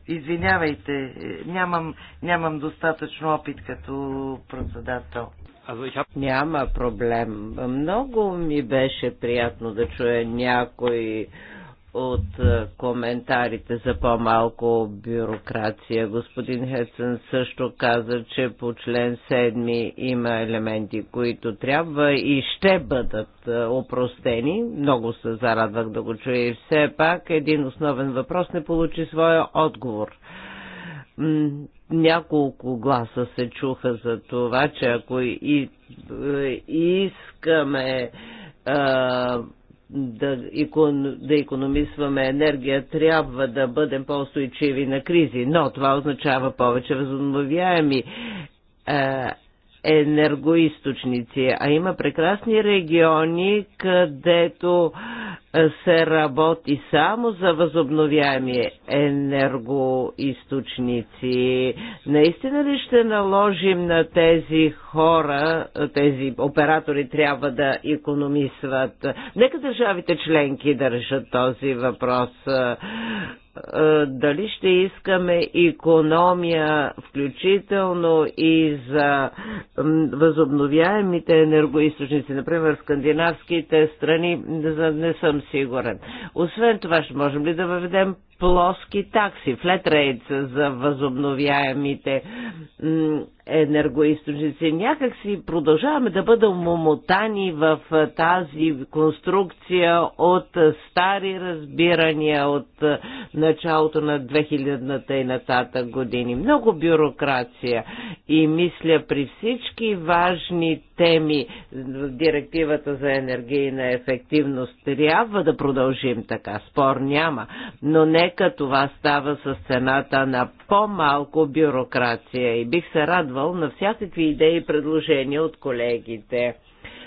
извинявайте, нямам, нямам достатъчно опит като председател. Няма проблем. Много ми беше приятно да чуя някой от е, коментарите за по-малко бюрокрация. Господин Хецен също каза, че по член 7 има елементи, които трябва и ще бъдат е, опростени. Много се зарадвах да го чуя и все пак един основен въпрос не получи своя отговор няколко гласа се чуха за това, че ако и, и е, искаме а, да, икон, да економисваме енергия, трябва да бъдем по-устойчиви на кризи, но това означава повече възобновяеми е, енергоисточници. А има прекрасни региони, където се работи само за възобновяеми енергоисточници. Наистина ли ще наложим на тези хора, тези оператори трябва да економисват? Нека държавите членки да решат този въпрос. Е, е, дали ще искаме економия, включително и за възобновяемите енергоисточници, например, скандинавските страни, не съм сигурен. Освен това, ще можем ли да въведем плоски такси, флетрейтс за възобновяемите енергоисточници. Някак си продължаваме да бъдем момотани в тази конструкция от стари разбирания от началото на 2000-та и нататък години. Много бюрокрация и мисля при всички важни теми в директивата за енергийна ефективност трябва да продължим така. Спор няма, но не Нека това става с цената на по-малко бюрокрация и бих се радвал на всякакви идеи и предложения от колегите.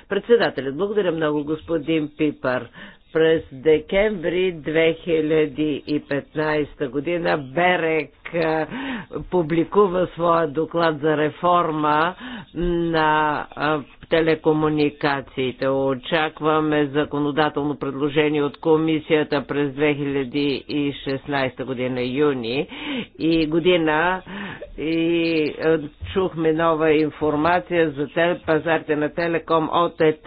Председателят, благодаря много господин Пипър. През декември 2015 година Берек е, публикува своя доклад за реформа на е, телекомуникациите. Очакваме законодателно предложение от комисията през 2016 година юни и година и е, чухме нова информация за пазарите на Телеком, ОТТ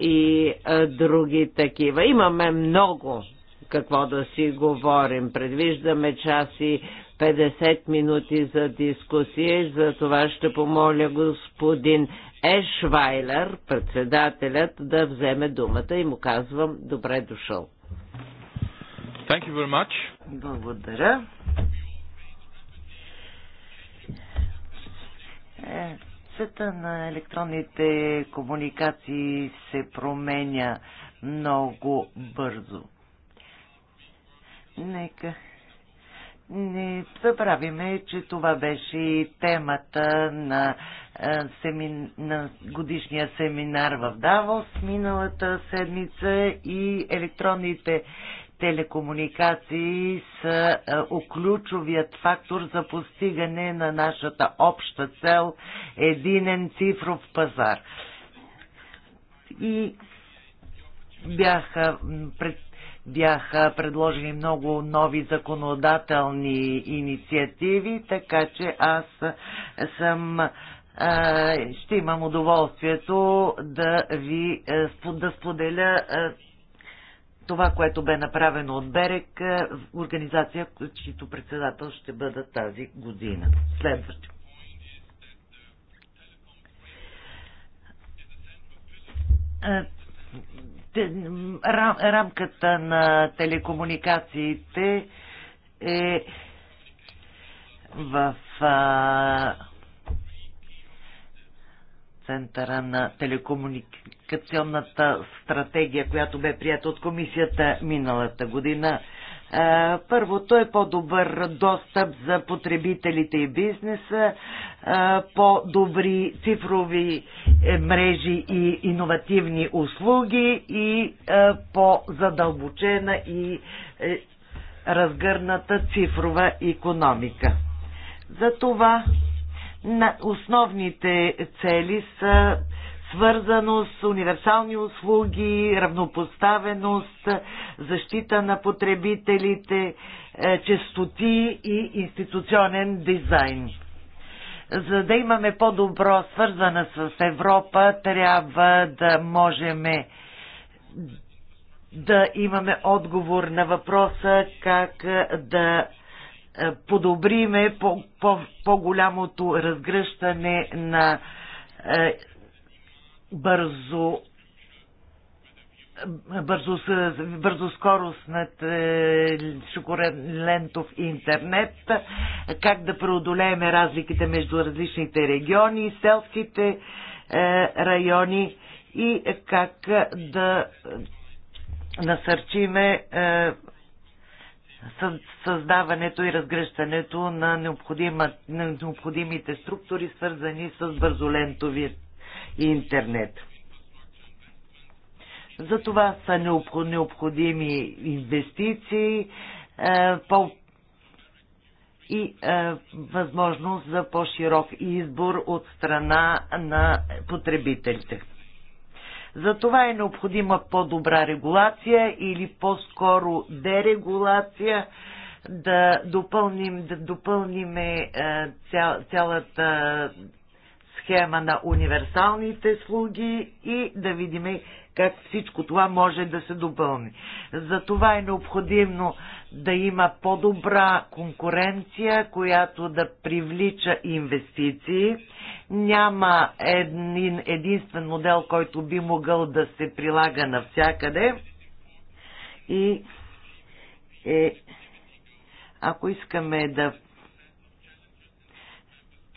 и други такива. Имаме много какво да си говорим. Предвиждаме часи 50 минути за дискусия и за това ще помоля господин Ешвайлер, председателят, да вземе думата и му казвам добре дошъл. Thank you very much. Благодаря. Е, света на електронните комуникации се променя много бързо. Нека не забравиме, че това беше и темата на, е, семи... на годишния семинар в Давос миналата седмица и електронните телекомуникации са оключовият е, фактор за постигане на нашата обща цел единен цифров пазар. И бяха пред бяха предложени много нови законодателни инициативи, така че аз съм ще имам удоволствието да ви да споделя това, което бе направено от Берек, организация, чието председател ще бъда тази година. Следващо рамката на телекомуникациите е в а, центъра на телекомуникационната стратегия, която бе прията от комисията миналата година. Първото е по-добър достъп за потребителите и бизнеса, по-добри цифрови е, мрежи и иновативни услуги и по-задълбочена и е, разгърната цифрова економика. Затова основните цели са свързаност, универсални услуги, равнопоставеност, защита на потребителите, е, честоти и институционен дизайн. За да имаме по-добро свързана с Европа, трябва да можем да имаме отговор на въпроса как да е, подобриме по-голямото -по разгръщане на е, бързо бързо, бързо над е, шоколентов интернет, как да преодолеем разликите между различните региони, селските е, райони и как да насърчиме е, създаването и разгръщането на необходимите структури, свързани с бързолентовият и интернет. За това са необходими инвестиции, е, по и е, възможност за по-широк избор от страна на потребителите. За това е необходима по-добра регулация или по-скоро дерегулация, да допълним, да допълним е, цял, цялата схема на универсалните слуги и да видим как всичко това може да се допълни. За това е необходимо да има по-добра конкуренция, която да привлича инвестиции. Няма един, единствен модел, който би могъл да се прилага навсякъде. И е, ако искаме да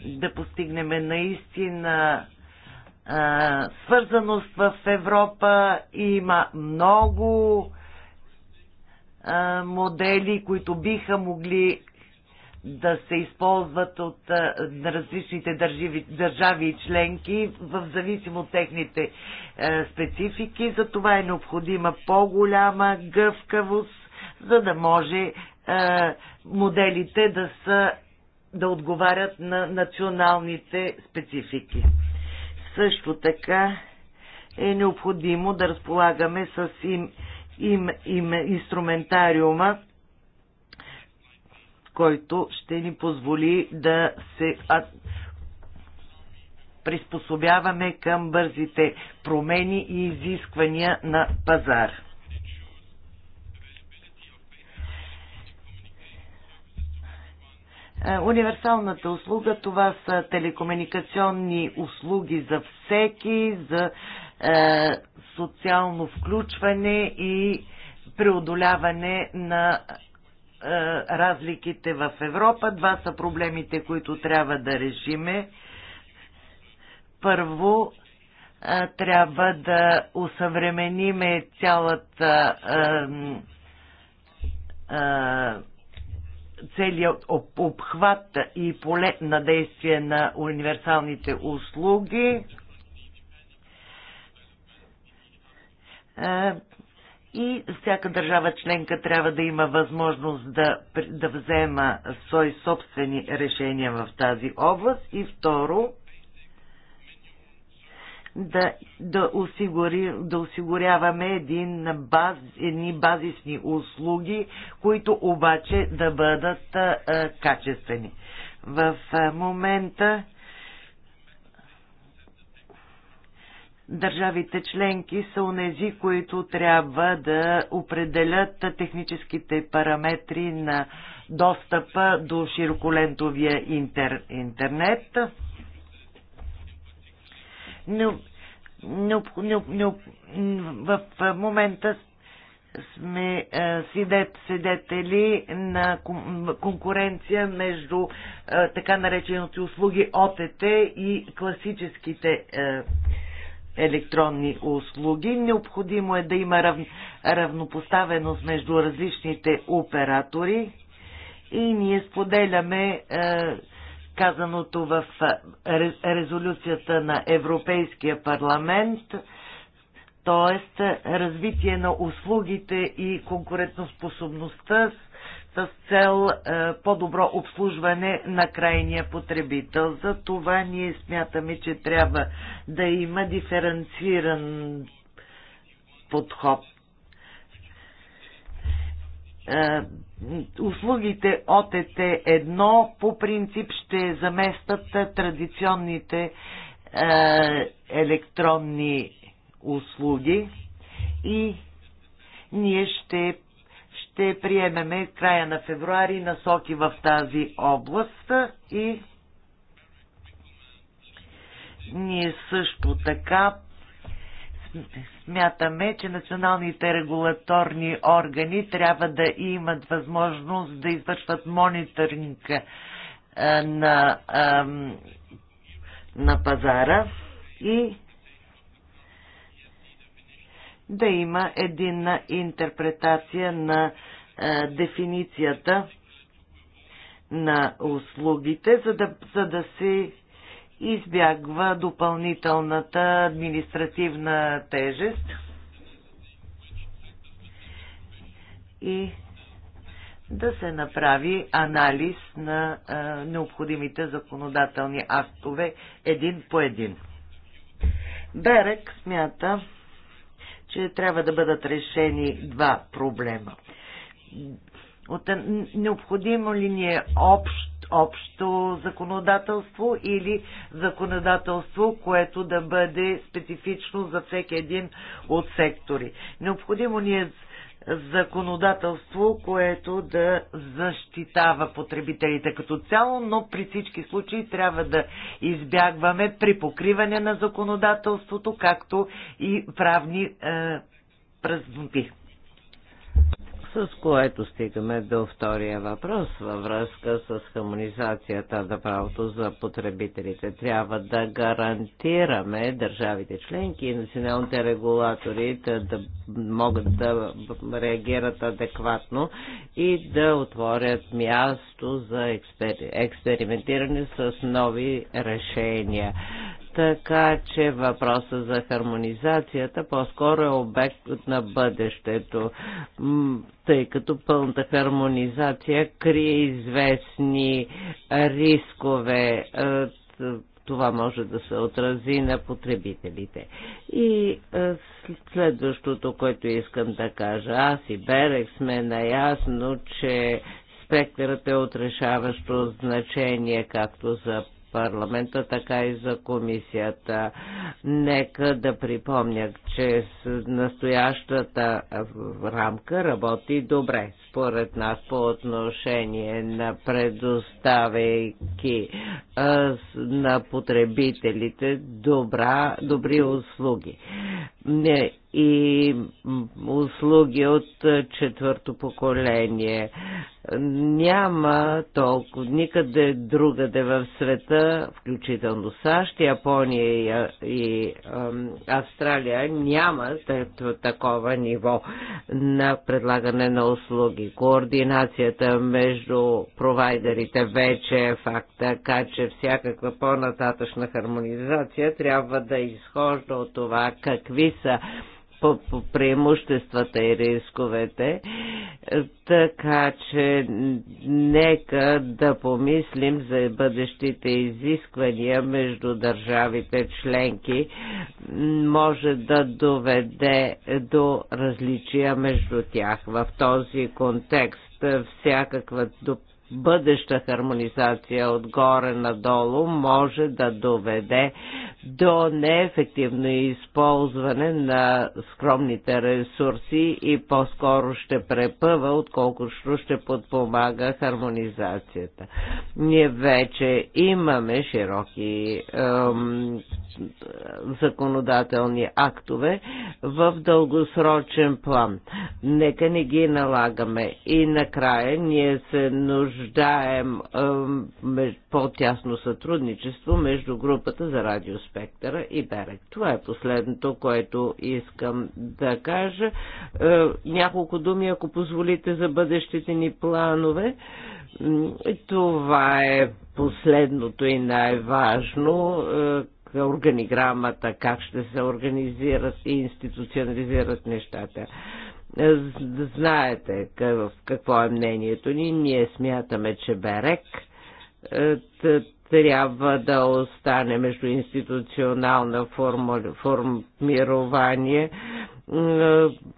да постигнем наистина а, свързаност в Европа. Има много а, модели, които биха могли да се използват от а, различните държави, държави и членки в зависимо от техните а, специфики. За това е необходима по-голяма гъвкавост, за да може а, моделите да са да отговарят на националните специфики. Също така е необходимо да разполагаме с им, им, им инструментариума, който ще ни позволи да се а, приспособяваме към бързите промени и изисквания на пазара. Е, универсалната услуга това са телекомуникационни услуги за всеки, за е, социално включване и преодоляване на е, разликите в Европа. Два са проблемите, които трябва да решиме. Първо, е, трябва да усъвремениме цялата. Е, е целият обхват и поле на действие на универсалните услуги. Е, и всяка държава членка трябва да има възможност да, да взема свои собствени решения в тази област. И второ, да, да, осигури, да осигуряваме един баз, едни базисни услуги, които обаче да бъдат а, качествени. В а, момента държавите членки са онези, които трябва да определят техническите параметри на достъпа до широколентовия интер, интернет но, но, но, но, в момента сме свидет, свидетели на конкуренция между така наречените услуги ОТТ и класическите електронни услуги. Необходимо е да има рав... равнопоставеност между различните оператори и ние споделяме казаното в резолюцията на Европейския парламент, т.е. развитие на услугите и конкурентоспособността с цел по-добро обслужване на крайния потребител. За това ние смятаме, че трябва да има диференциран подход е, услугите от ЕТ 1 по принцип ще заместят е, традиционните е, електронни услуги и ние ще, ще приемеме края на февруари насоки в тази област и ние също така смятаме, че националните регулаторни органи трябва да имат възможност да извършват мониторинг е, на, на пазара и да има единна интерпретация на е, дефиницията на услугите, за да, за да се избягва допълнителната административна тежест и да се направи анализ на а, необходимите законодателни актове един по един. Берек смята, че трябва да бъдат решени два проблема. От, необходимо ли ни е общ общо законодателство или законодателство, което да бъде специфично за всеки един от сектори. Необходимо ни е законодателство, което да защитава потребителите като цяло, но при всички случаи трябва да избягваме при покриване на законодателството, както и правни е, празноти с което стигаме до втория въпрос във връзка с хармонизацията на правото за потребителите. Трябва да гарантираме държавите членки и националните регулатори да, да могат да реагират адекватно и да отворят място за експер... експериментиране с нови решения. Така че въпроса за хармонизацията по-скоро е обект на бъдещето, тъй като пълната хармонизация крие известни рискове. Е, това може да се отрази на потребителите. И е, следващото, което искам да кажа, аз и Берек сме наясно, че спектърът е отрешаващо значение както за парламента, така и за комисията. Нека да припомня, че настоящата рамка работи добре според нас по отношение на предоставяйки на потребителите добра, добри услуги. Не, и услуги от четвърто поколение. Няма толкова никъде другаде в света, включително САЩ, Япония и, и Австралия, няма такова ниво на предлагане на услуги други. Координацията между провайдерите вече е факт, така че всякаква по-нататъчна хармонизация трябва да изхожда от това какви са по, по преимуществата и рисковете, така че нека да помислим за бъдещите изисквания между държавите членки, може да доведе до различия между тях. В този контекст всякаква бъдеща хармонизация отгоре надолу може да доведе до неефективно използване на скромните ресурси и по-скоро ще препъва, отколкото ще подпомага хармонизацията. Ние вече имаме широки ем, законодателни актове в дългосрочен план. Нека не ги налагаме. И накрая ние се нуждаме нуждаем по-тясно сътрудничество между групата за радиоспектъра и Берек. Това е последното, което искам да кажа. Е, няколко думи, ако позволите, за бъдещите ни планове. Това е последното и най-важно е, органиграмата, как ще се организират и институционализират нещата. Знаете какво е мнението ни. Ние смятаме, че Берек е, трябва да остане между институционална формирование,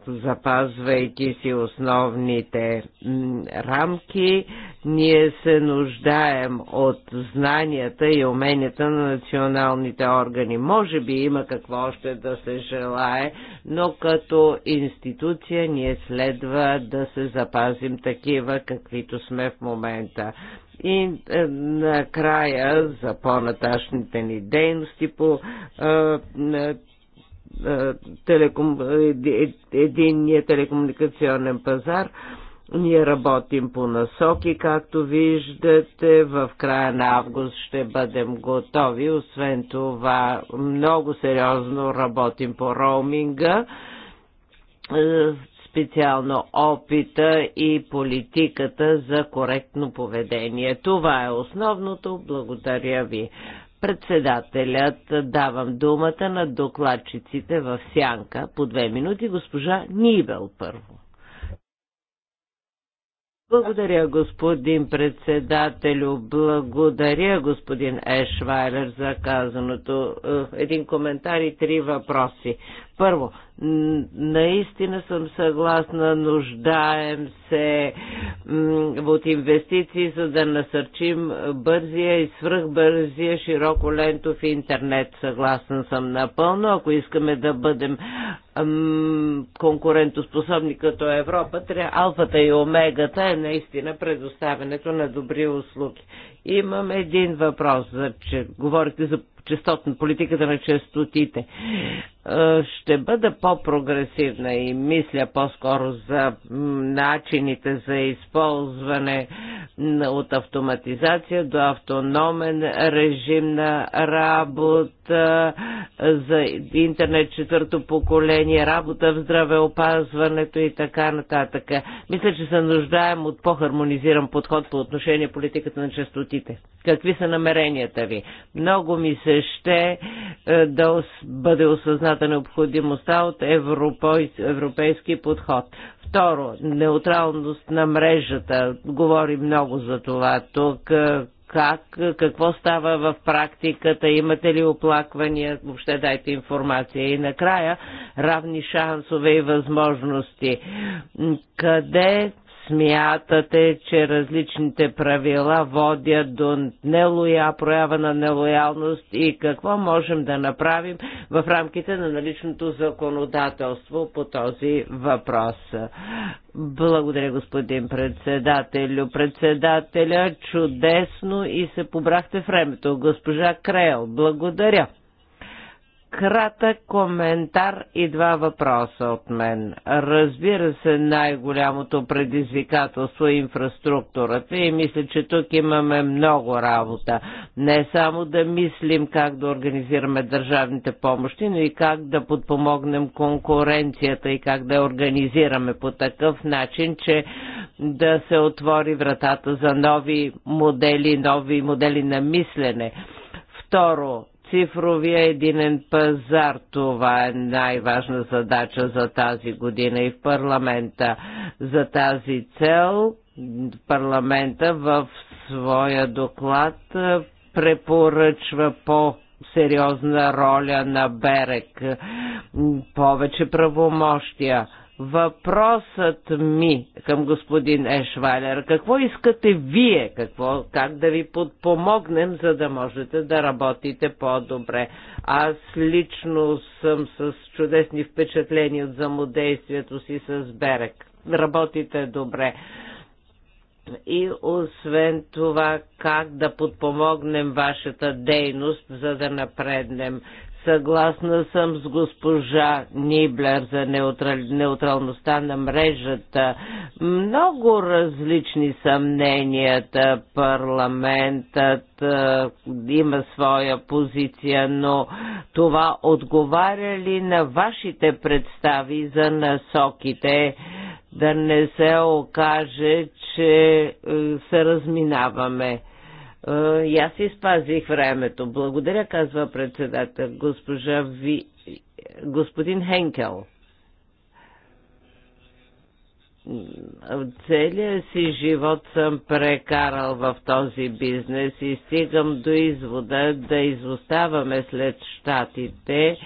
запазвайки си основните рамки. Ние се нуждаем от знанията и уменията на националните органи. Може би има какво още да се желае, но като институция ние следва да се запазим такива, каквито сме в момента. И е, накрая за по-наташните ни дейности по е, е, телеком, е, единния телекомуникационен пазар. Ние работим по насоки, както виждате. В края на август ще бъдем готови. Освен това, много сериозно работим по роуминга е, специално опита и политиката за коректно поведение. Това е основното. Благодаря ви. Председателят давам думата на докладчиците в сянка по две минути, госпожа Нивел първо. Благодаря, господин председателю. Благодаря, господин Ешвайлер, за казаното. Е, един коментар и три въпроси. Първо, наистина съм съгласна, нуждаем се от инвестиции, за да насърчим бързия и свръхбързия широко лентов интернет. Съгласна съм напълно. Ако искаме да бъдем конкурентоспособни като Европа, алфата и омегата е наистина предоставянето на добри услуги. Имам един въпрос. За, че говорите за частотна, политиката на частотите. Е, ще бъда по-прогресивна и мисля по-скоро за начините за използване от автоматизация до автономен режим на работа, за интернет четвърто поколение, работа в здравеопазването и така нататък. Мисля, че се нуждаем от по-хармонизиран подход по отношение политиката на частотите. Какви са намеренията ви? Много ми се ще е, да бъде осъзната необходимостта от европейски подход. Второ, неутралност на мрежата. Говори много за това тук. Е, как, какво става в практиката, имате ли оплаквания, въобще дайте информация. И накрая, равни шансове и възможности. Къде смятате, че различните правила водят до нелоя, проява на нелоялност и какво можем да направим в рамките на наличното законодателство по този въпрос. Благодаря, господин председателю. Председателя, чудесно и се побрахте времето. Госпожа Крел, благодаря. Кратък коментар и два въпроса от мен. Разбира се, най-голямото предизвикателство е инфраструктурата и мисля, че тук имаме много работа. Не само да мислим как да организираме държавните помощи, но и как да подпомогнем конкуренцията и как да организираме по такъв начин, че да се отвори вратата за нови модели, нови модели на мислене. Второ, цифровия единен пазар. Това е най-важна задача за тази година и в парламента. За тази цел парламента в своя доклад препоръчва по сериозна роля на Берек, повече правомощия Въпросът ми към господин Ешвалер, какво искате вие, какво, как да ви подпомогнем, за да можете да работите по-добре? Аз лично съм с чудесни впечатления от взаимодействието си с Берек. Работите добре. И освен това, как да подпомогнем вашата дейност, за да напреднем. Съгласна съм с госпожа Ниблер за неутрал... неутралността на мрежата. Много различни съмненията. Парламентът а, има своя позиция, но това отговаря ли на вашите представи за насоките? Да не се окаже, че се разминаваме е, и аз изпазих времето. Благодаря, казва председател госпожа Ви... господин Хенкел. Целият си живот съм прекарал в този бизнес и стигам до извода да изоставаме след щатите,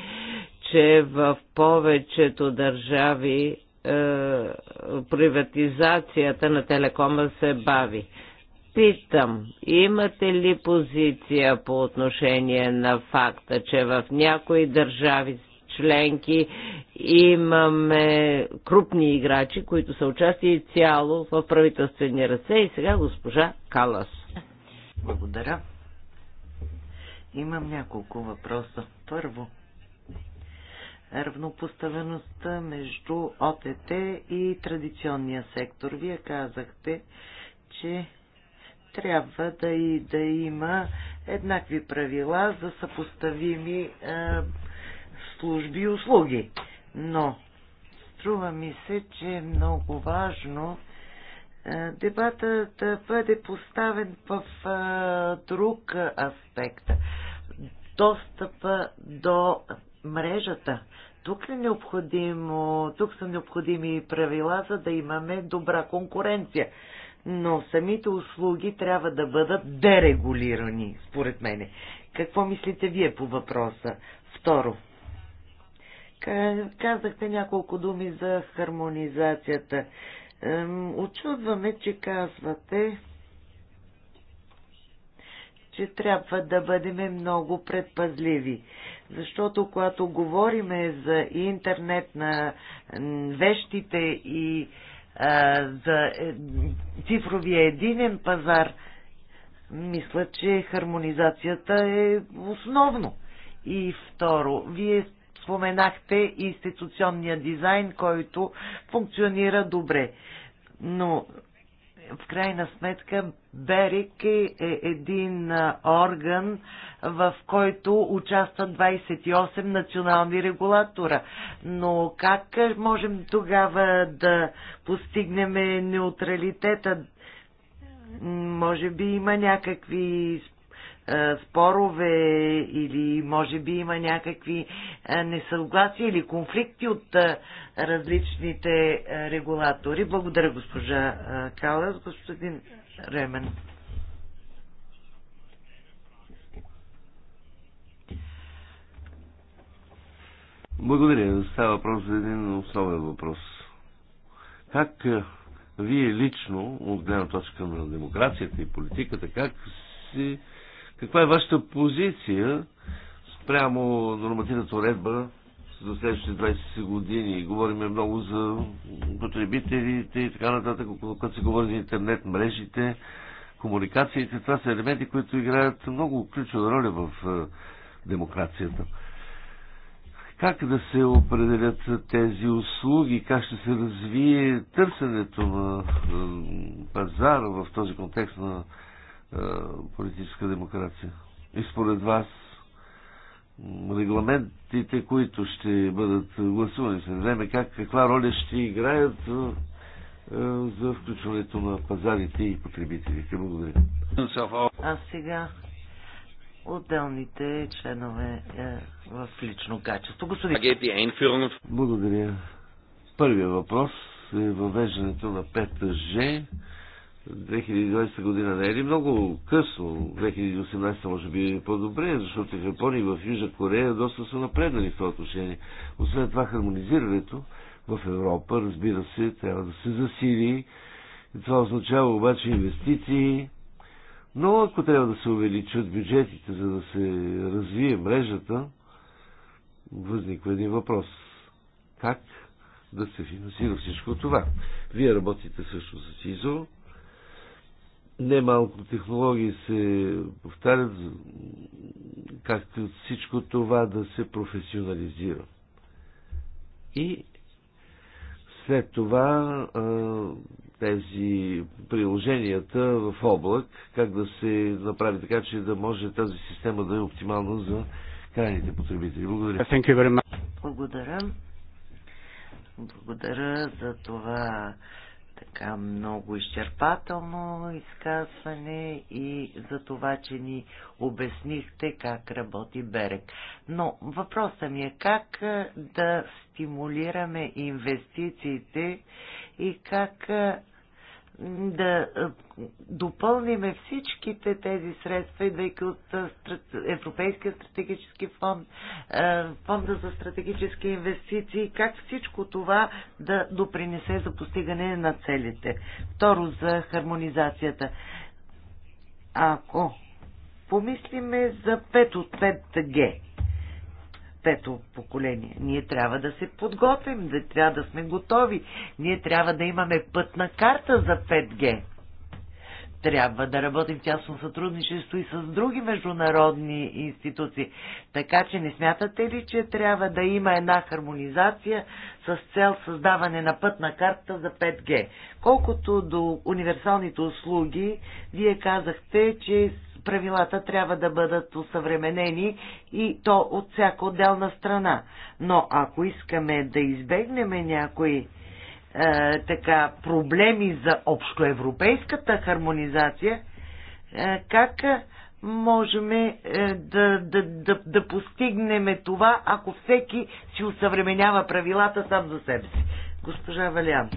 че в повечето държави е, приватизацията на телекома се бави питам, имате ли позиция по отношение на факта, че в някои държави членки имаме крупни играчи, които са участие цяло в правителствени ръце и сега госпожа Калас. Благодаря. Имам няколко въпроса. Първо, равнопоставеността между ОТТ и традиционния сектор. Вие казахте, че трябва да, и, да има еднакви правила за съпоставими е, служби и услуги. Но струва ми се, че е много важно е, дебата да бъде поставен в е, друг аспект. Достъпа до мрежата. Тук, е необходимо, тук са необходими правила, за да имаме добра конкуренция но самите услуги трябва да бъдат дерегулирани, според мене. Какво мислите вие по въпроса? Второ, казахте няколко думи за хармонизацията. Очудваме, че казвате, че трябва да бъдем много предпазливи. Защото когато говориме за интернет на вещите и за е, цифровия единен пазар, мисля, че хармонизацията е основно. И второ, вие споменахте институционния дизайн, който функционира добре. Но в крайна сметка Берик е, е един орган, в който участват 28 национални регулатора. Но как можем тогава да постигнем неутралитета? Може би има някакви е, спорове или може би има някакви е, несъгласия или конфликти от е, различните регулатори. Благодаря, госпожа Калас. Господин Ремен. Благодаря. Става въпрос за един основен въпрос. Как вие лично, от гледна точка на демокрацията и политиката, как си каква е вашата позиция спрямо нормативната уредба за следващите 20 години? Говорим много за потребителите и така нататък, когато се говори за интернет, мрежите, комуникациите. Това са елементи, които играят много ключова роля в е, демокрацията. Как да се определят тези услуги, как ще се развие търсенето на е, пазара в този контекст на е, политическа демокрация. И според вас регламентите, които ще бъдат гласувани след време, как, каква роля ще играят е, е, за включването на пазарите и потребителите. Благодаря. А сега отделните членове е, в лично качество. Господин. Благодаря. Първият въпрос е въвеждането на 5G 2020 година не е ли много късно? 2018 може би е по-добре, защото в Япония и в Южна Корея доста са напреднали в това отношение. Освен това хармонизирането в Европа, разбира се, трябва да се засили. И това означава обаче инвестиции. Но ако трябва да се увеличат бюджетите, за да се развие мрежата, възниква един въпрос. Как да се финансира всичко това? Вие работите също с ИЗО, Немалко технологии се повтарят, както всичко това да се професионализира. И след това тези приложенията в облак, как да се направи така, че да може тази система да е оптимална за крайните потребители. Благодаря. Благодаря. Благодаря за това така много изчерпателно изказване и за това, че ни обяснихте как работи Берег. Но въпросът ми е как да стимулираме инвестициите и как да е, допълниме всичките тези средства, идвайки от е, Европейския стратегически фонд, е, фонда за стратегически инвестиции, как всичко това да допринесе за постигане на целите. Второ, за хармонизацията. Ако помислиме за 5 от 5 Г пето поколение. Ние трябва да се подготвим, да трябва да сме готови. Ние трябва да имаме пътна карта за 5G. Трябва да работим в тясно сътрудничество и с други международни институции. Така че не смятате ли, че трябва да има една хармонизация с цел създаване на пътна карта за 5G? Колкото до универсалните услуги, вие казахте, че правилата трябва да бъдат усъвременени и то от всяка отделна страна. Но ако искаме да избегнем някои е, така, проблеми за общоевропейската хармонизация, е, как можем е, да, да, да, да постигнем това, ако всеки си усъвременява правилата сам за себе си? Госпожа Валян.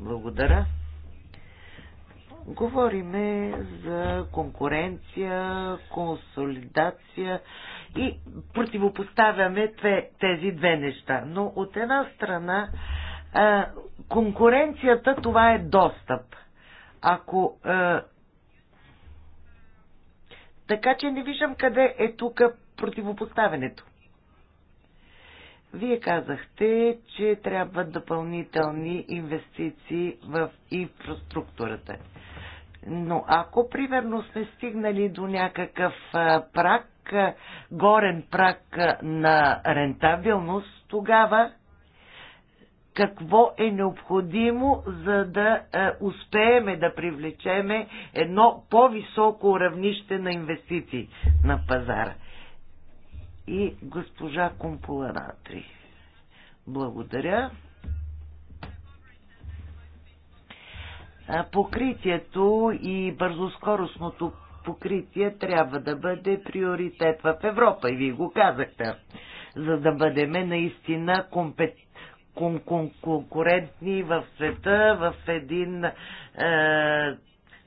Благодаря. Говориме за конкуренция, консолидация и противопоставяме тези две неща. Но от една страна конкуренцията това е достъп. Ако така че не виждам къде е тук противопоставянето. Вие казахте, че трябват допълнителни инвестиции в инфраструктурата. Но ако примерно сме стигнали до някакъв прак, горен прак на рентабилност, тогава какво е необходимо, за да успееме да привлечеме едно по-високо равнище на инвестиции на пазара. И госпожа Компуланатри. Благодаря. покритието и бързоскоростното покритие трябва да бъде приоритет в Европа и вие го казахте, за да бъдеме наистина компет... кон... кон... конкурентни в света, в един е...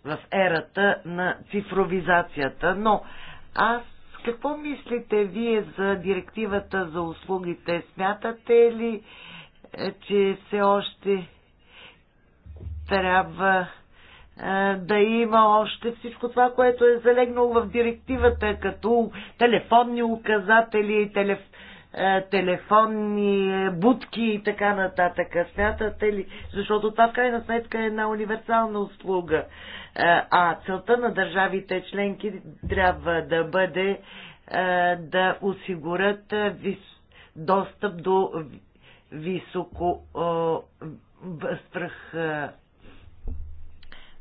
в ерата на цифровизацията. Но аз какво мислите вие за директивата за услугите? Смятате ли, е, че все още трябва да има още всичко това, което е залегнало в директивата, като телефонни указатели, телеф, телефонни будки и така нататък. Смятате ли? Защото това в крайна сметка е една универсална услуга. А целта на държавите членки трябва да бъде да осигурят достъп до високо свръх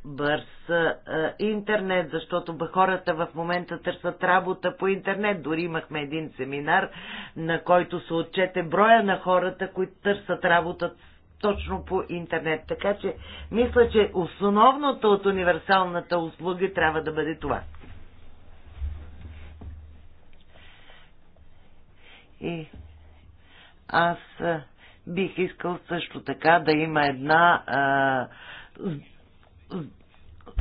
бърз интернет, защото хората в момента търсят работа по интернет. Дори имахме един семинар, на който се отчете броя на хората, които търсят работа точно по интернет. Така че мисля, че основното от универсалната услуга трябва да бъде това. И аз бих искал също така да има една а,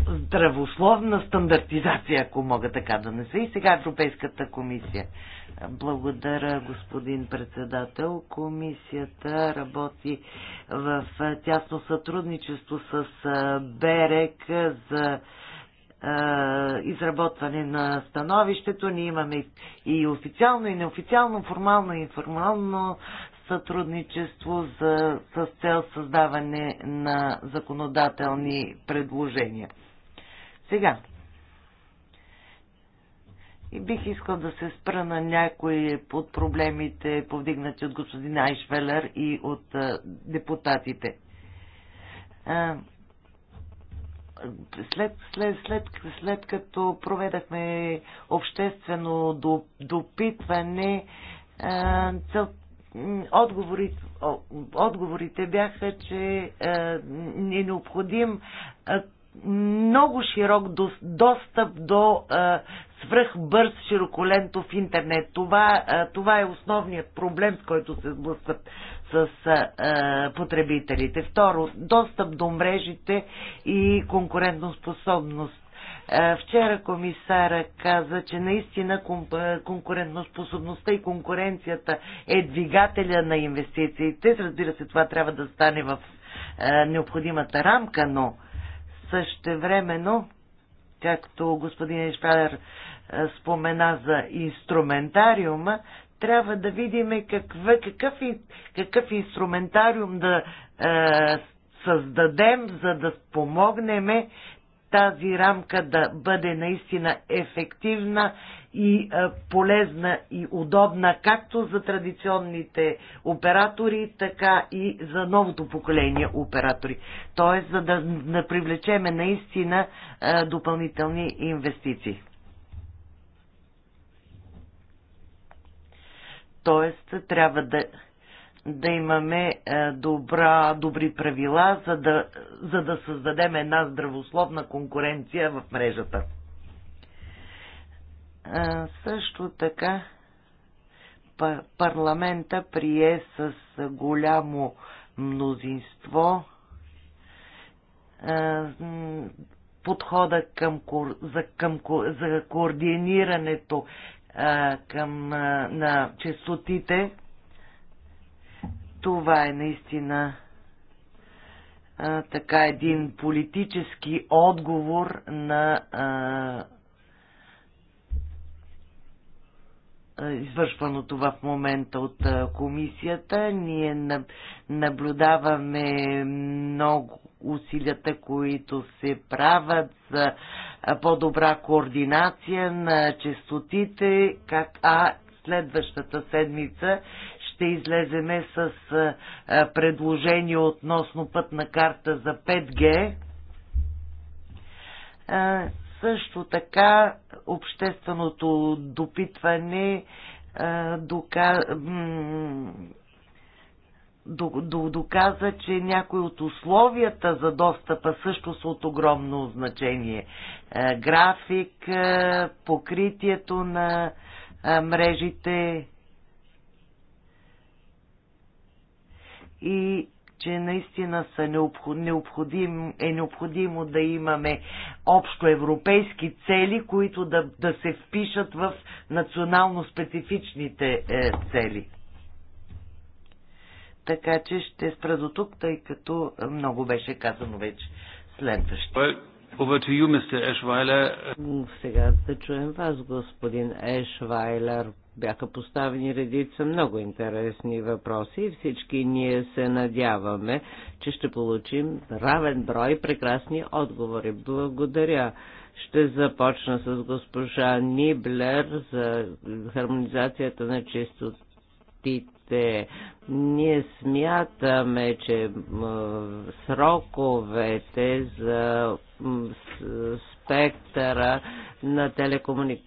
здравословна стандартизация, ако мога така да не са. И сега Европейската комисия. Благодаря, господин председател. Комисията работи в тясно сътрудничество с БЕРЕК за изработване на становището. Ние имаме и официално, и неофициално, формално, и информално сътрудничество за, с цел създаване на законодателни предложения. Сега, и бих искал да се спра на някои от проблемите, повдигнати от господин Айшвелер и от а, депутатите. А, след, след, след, след като проведахме обществено допитване, цел, отговорите, отговорите бяха, че е, е необходим е, много широк достъп до е, свръхбърз широколентов интернет. Това, това е основният проблем, с който се сблъскват с потребителите. Второ, достъп до мрежите и конкурентоспособност. Е, вчера комисара каза, че наистина конкурентоспособността и конкуренцията е двигателя на инвестициите. Разбира се, това трябва да стане в е, необходимата рамка, но същевременно, както господин Ешпалер е, спомена за инструментариума, трябва да видим какъв, какъв, какъв инструментариум да е, създадем, за да помогнеме тази рамка да бъде наистина ефективна и полезна и удобна както за традиционните оператори, така и за новото поколение оператори. Тоест, за да, да привлечеме наистина допълнителни инвестиции. Тоест, трябва да да имаме е, добра, добри правила, за да, за да създадем една здравословна конкуренция в мрежата. Е, също така парламента прие с голямо мнозинство е, подхода към, за, към, за координирането към, на честотите това е наистина а, така един политически отговор на а, извършваното в момента от комисията. Ние наблюдаваме много усилията, които се правят за по-добра координация на честотите, как а следващата седмица ще излеземе с предложение относно пътна карта за 5G. Също така общественото допитване доказа, че някои от условията за достъпа също са от огромно значение. График, покритието на мрежите, и че наистина са необходим, е необходимо да имаме общо европейски цели, които да, да се впишат в национално специфичните е, цели. Така че ще спра до тук, тъй като много беше казано вече следващо. Over to you, Mr. Eschweiler. Сега да чуем вас, господин Ешвайлер, бяха поставени редица много интересни въпроси и всички ние се надяваме, че ще получим равен брой прекрасни отговори. Благодаря. Ще започна с госпожа Ниблер за хармонизацията на чистотите. Ние смятаме, че сроковете за спектъра на телекомуни...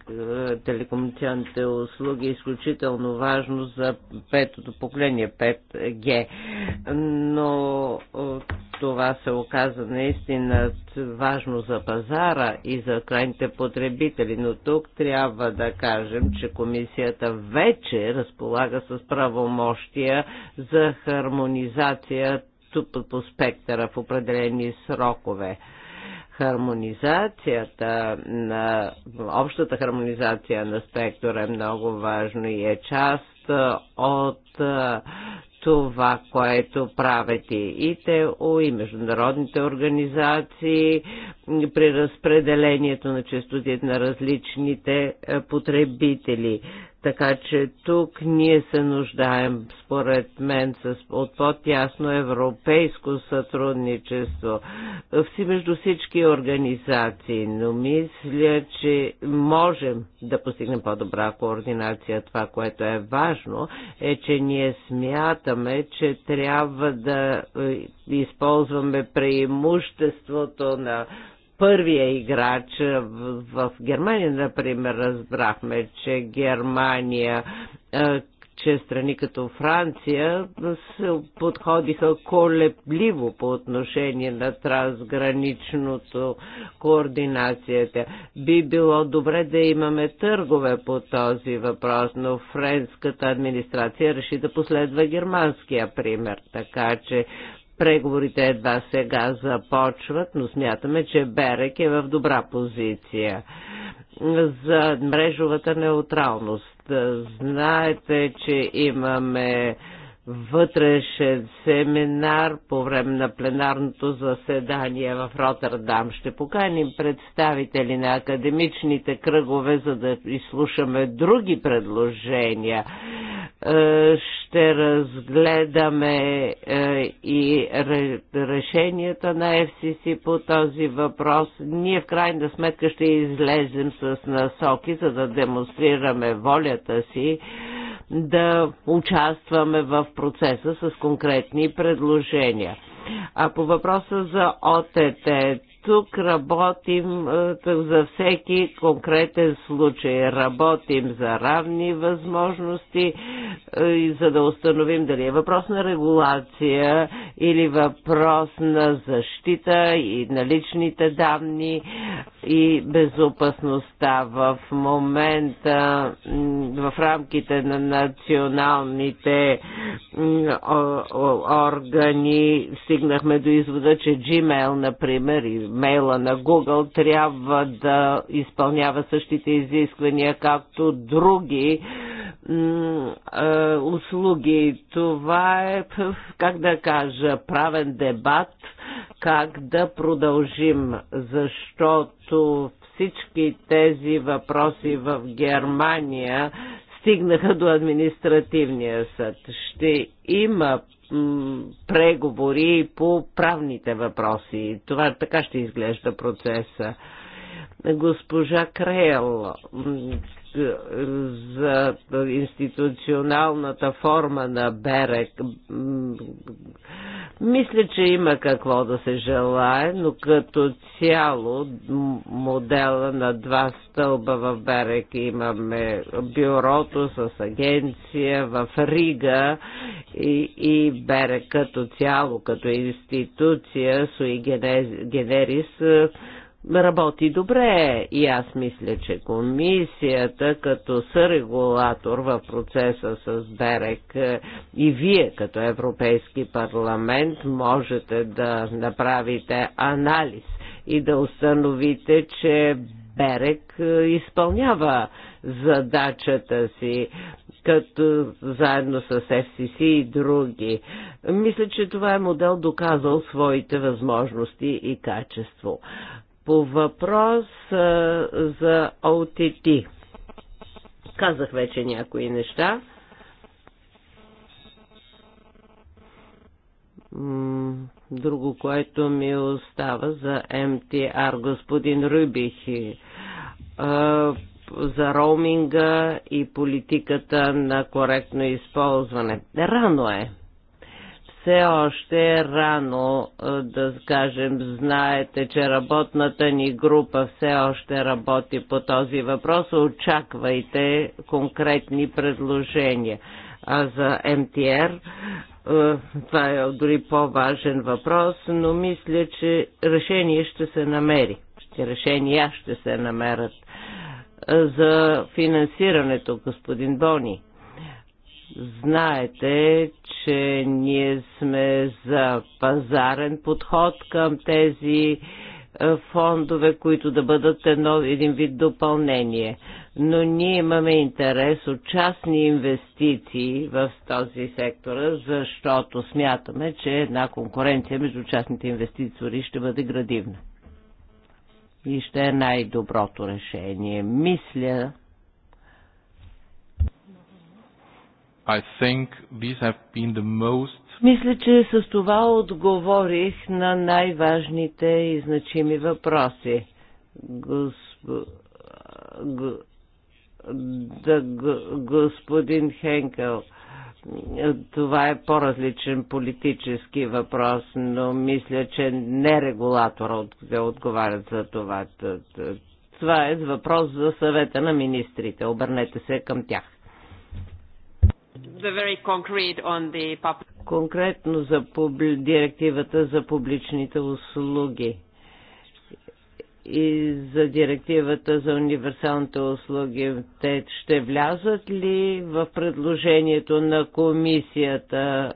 телекомуникационните услуги е изключително важно за петото поколение 5G. Но е, това се оказа наистина важно за пазара и за крайните потребители, но тук трябва да кажем, че комисията вече разполага с правомощия за хармонизация по спектъра в определени срокове Хармонизацията на общата хармонизация на спектъра е много важно и е част от това, което правят и ИТО, и международните организации при разпределението на частотите на различните потребители. Така че тук ние се нуждаем, според мен, с, от по-тясно европейско сътрудничество Вси между всички организации, но мисля, че можем да постигнем по-добра координация. Това, което е важно, е, че ние смятаме, че трябва да е, използваме преимуществото на първия играч в, в Германия, например, разбрахме, че Германия че страни като Франция се подходиха колебливо по отношение на трансграничното координацията. Би било добре да имаме търгове по този въпрос, но френската администрация реши да последва германския пример, така че Преговорите едва сега започват, но смятаме, че Берек е в добра позиция за мрежовата неутралност. Знаете, че имаме вътрешен семинар по време на пленарното заседание в Ротърдам. Ще поканим представители на академичните кръгове, за да изслушаме други предложения. Е, ще разгледаме е, и решенията на FCC по този въпрос. Ние в крайна сметка ще излезем с насоки, за да демонстрираме волята си да участваме в процеса с конкретни предложения. А по въпроса за ОТТ, тук работим е, за всеки конкретен случай. Работим за равни възможности, е, за да установим дали е въпрос на регулация или въпрос на защита и на личните данни и безопасността. В момента в рамките на националните органи стигнахме до извода, че Gmail, например, и мейла на Google трябва да изпълнява същите изисквания, както други услуги. Това е, как да кажа, правен дебат, как да продължим, защото всички тези въпроси в Германия стигнаха до административния съд. Ще има преговори по правните въпроси. Това така ще изглежда процеса. Госпожа Крел за институционалната форма на Берек мисля, че има какво да се желае, но като цяло модела на два стълба в Берек имаме бюрото с агенция в Рига и, и Берек като цяло, като институция, суи генерис, работи добре и аз мисля, че комисията като сърегулатор в процеса с БЕРЕК е, и вие като Европейски парламент можете да направите анализ и да установите, че Берек е, изпълнява задачата си, като заедно с FCC и други. Мисля, че това е модел доказал своите възможности и качество. По въпрос за ОТТ. Казах вече някои неща. Друго, което ми остава за МТР, господин Рубихи за роуминга и политиката на коректно използване. Рано е все още е рано да кажем, знаете, че работната ни група все още работи по този въпрос. Очаквайте конкретни предложения. А за МТР това е дори по-важен въпрос, но мисля, че решение ще се намери. Ще решения ще се намерят. За финансирането, господин Бони. Знаете, че ние сме за пазарен подход към тези е, фондове, които да бъдат едно, един вид допълнение. Но ние имаме интерес от частни инвестиции в този сектор, защото смятаме, че една конкуренция между частните инвеститори ще бъде градивна. И ще е най-доброто решение. Мисля, I think these have been the most мисля, че с това отговорих на най-важните и значими въпроси. Госп... Г... Да, г... господин Хенкел, това е по-различен политически въпрос, но мисля, че не регулатора да отговарят за това. Това е въпрос за съвета на министрите. Обърнете се към тях. Конкретно за директивата за публичните услуги и за директивата за универсалните услуги. Те ще влязат ли в предложението на комисията,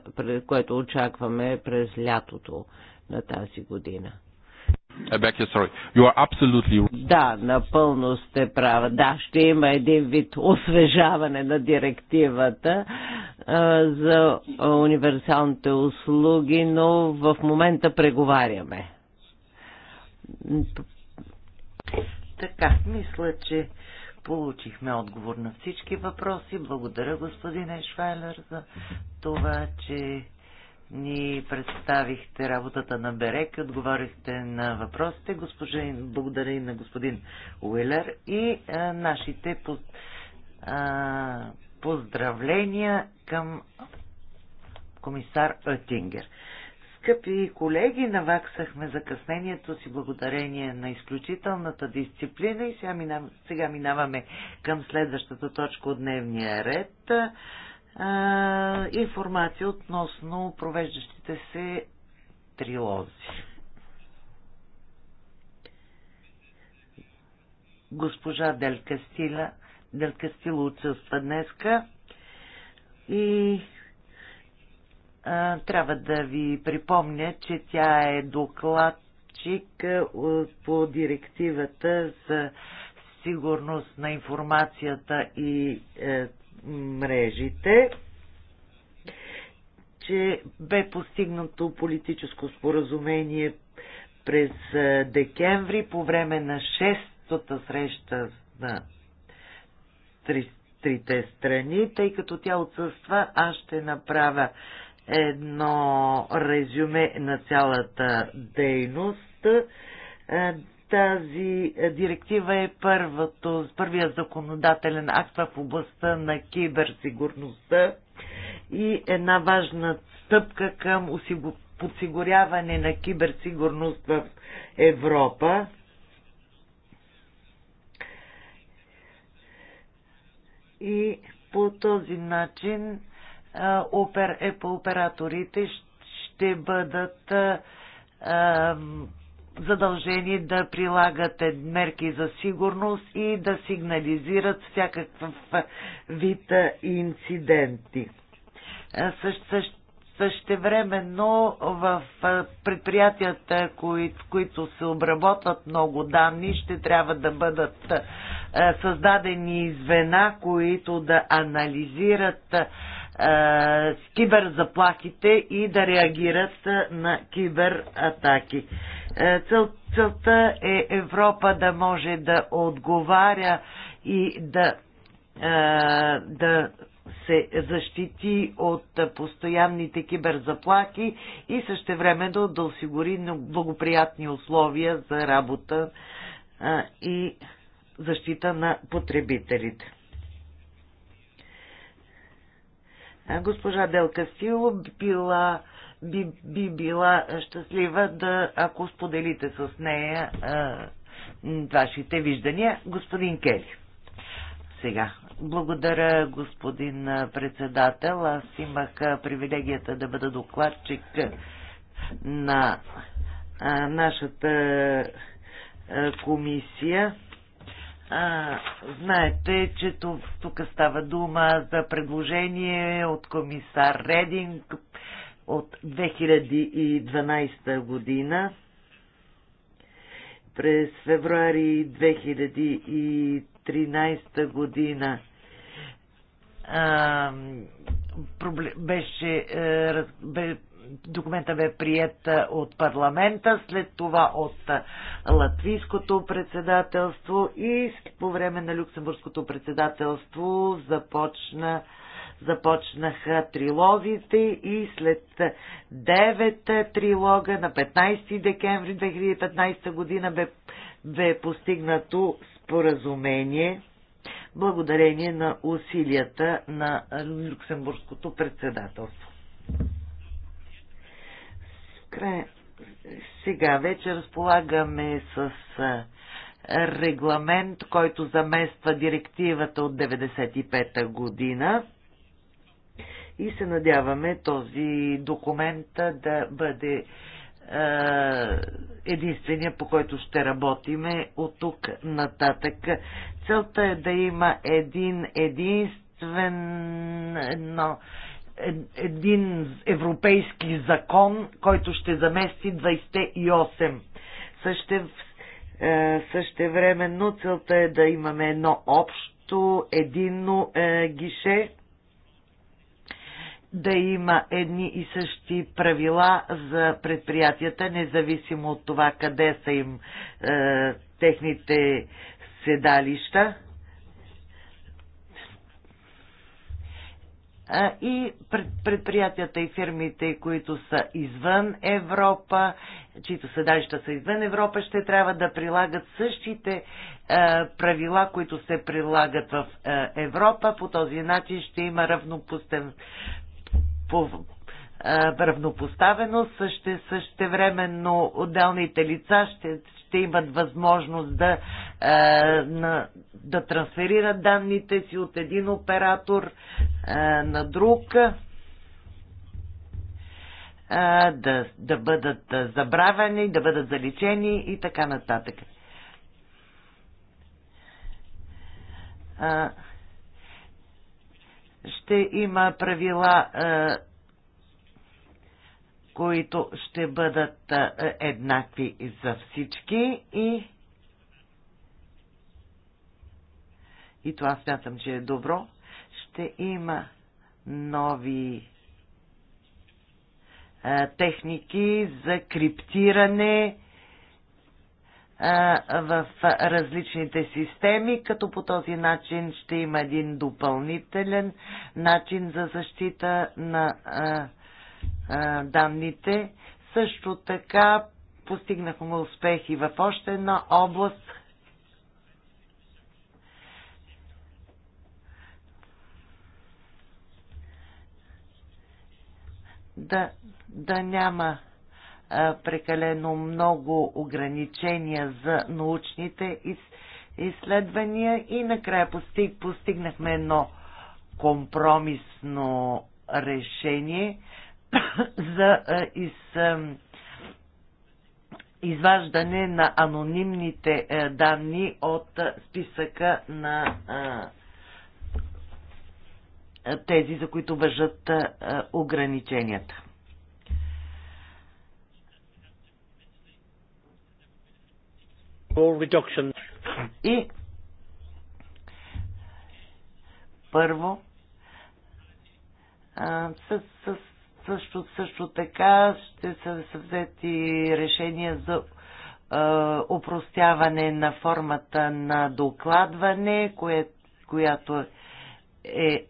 което очакваме през лятото на тази година? Да, напълно сте права. Да, ще има един вид освежаване на директивата за универсалните услуги, но в момента преговаряме. Така, мисля, че получихме отговор на всички въпроси. Благодаря, господин Ешвайлер, за това, че ни представихте работата на Берек, отговорихте на въпросите, господин, благодаря и на господин Уилер и а, нашите поз, а, поздравления към комисар Оттингер. Скъпи колеги, наваксахме закъснението си благодарение на изключителната дисциплина и сега, минав... сега минаваме към следващата точка от дневния ред информация относно провеждащите се трилози. Госпожа Дел Кастила, Дел Кастило отсъства днеска и а, трябва да ви припомня, че тя е докладчик по директивата за сигурност на информацията и е, мрежите, че бе постигнато политическо споразумение през декември по време на шестата среща на три, трите страни, тъй като тя отсъства, аз ще направя едно резюме на цялата дейност. Тази директива е първото, първия законодателен акт в областта на киберсигурността и една важна стъпка към подсигуряване на киберсигурност в Европа. И по този начин опер, е, по операторите ще бъдат задължени да прилагат мерки за сигурност и да сигнализират всякакъв вид инциденти. Също, също, същевременно в предприятията, кои, които се обработват много данни, ще трябва да бъдат създадени звена, които да анализират киберзаплахите и да реагират на кибератаки. Е, цел, целта е Европа да може да отговаря и да, е, да се защити от постоянните киберзаплахи и време да осигури благоприятни условия за работа е, и защита на потребителите. Госпожа Делка Сило била би, би била щастлива да, ако споделите с нея а, вашите виждания. Господин Кели. Сега. Благодаря, господин председател. Аз имах привилегията да бъда докладчик на а, нашата а, комисия. А, знаете, че тук става дума за предложение от комисар Рединг от 2012 година. През февруари 2013 година а, беше, е, а, бе, документа бе прият е, от парламента, след това от е, латвийското председателство и по време на люксембургското председателство започна започнаха трилогите и след 9 трилога на 15 декември 2015 година бе, бе постигнато споразумение благодарение на усилията на Люксембургското председателство. Сега вече разполагаме с регламент, който замества директивата от 95-та година и се надяваме този документ да бъде е, единствения, по който ще работиме от тук нататък. Целта е да има един единствен едно, един европейски закон, който ще замести 28. Също, е, същевременно целта е да имаме едно общо, единно е, гише, да има едни и същи правила за предприятията, независимо от това къде са им е, техните седалища. и предприятията и фирмите, които са извън Европа, чието седалища са извън Европа, ще трябва да прилагат същите е, правила, които се прилагат в е, Европа. По този начин ще има равнопоставен по, равнопоставеност, също, същевременно отделните лица ще, ще имат възможност да, на, да трансферират данните си от един оператор на друг, да, да бъдат забравени, да бъдат заличени и така нататък. А, ще има правила, е, които ще бъдат е, еднакви за всички и и това смятам, че е добро, ще има нови е, техники за криптиране, в различните системи, като по този начин ще има един допълнителен начин за защита на данните. Също така постигнахме успехи в още една област. Да, да няма прекалено много ограничения за научните изследвания и накрая постиг, постигнахме едно компромисно решение за из, изваждане на анонимните данни от списъка на тези, за които въжат ограниченията. И първо а, с, с, също, също така ще са, взети решения за упростяване на формата на докладване, кое, която е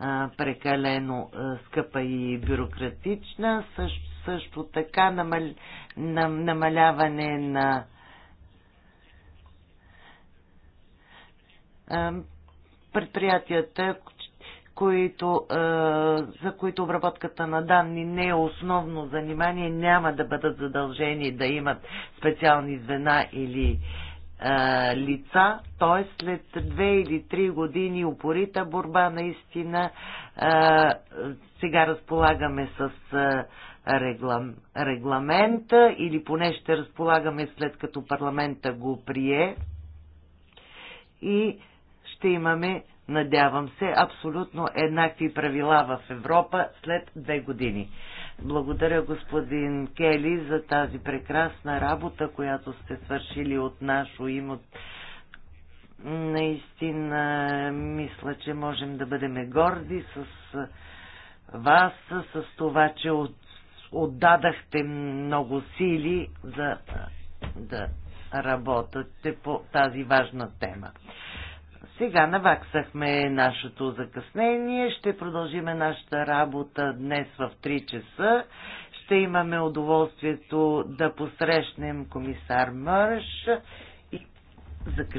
а, прекалено а, скъпа и бюрократична. Също също така намал... нам... намаляване на предприятията, които, за които обработката на данни не е основно занимание, няма да бъдат задължени да имат специални звена или лица, т.е. след две или три години упорита борба наистина сега разполагаме с реглам, регламента или поне ще разполагаме след като парламента го прие и ще имаме, надявам се, абсолютно еднакви правила в Европа след две години. Благодаря господин Кели за тази прекрасна работа, която сте свършили от нашо име. Наистина мисля, че можем да бъдем горди с вас, с това, че от отдадахте много сили за да работите по тази важна тема. Сега наваксахме нашето закъснение, ще продължиме нашата работа днес в 3 часа. Ще имаме удоволствието да посрещнем комисар Мърш и закрит.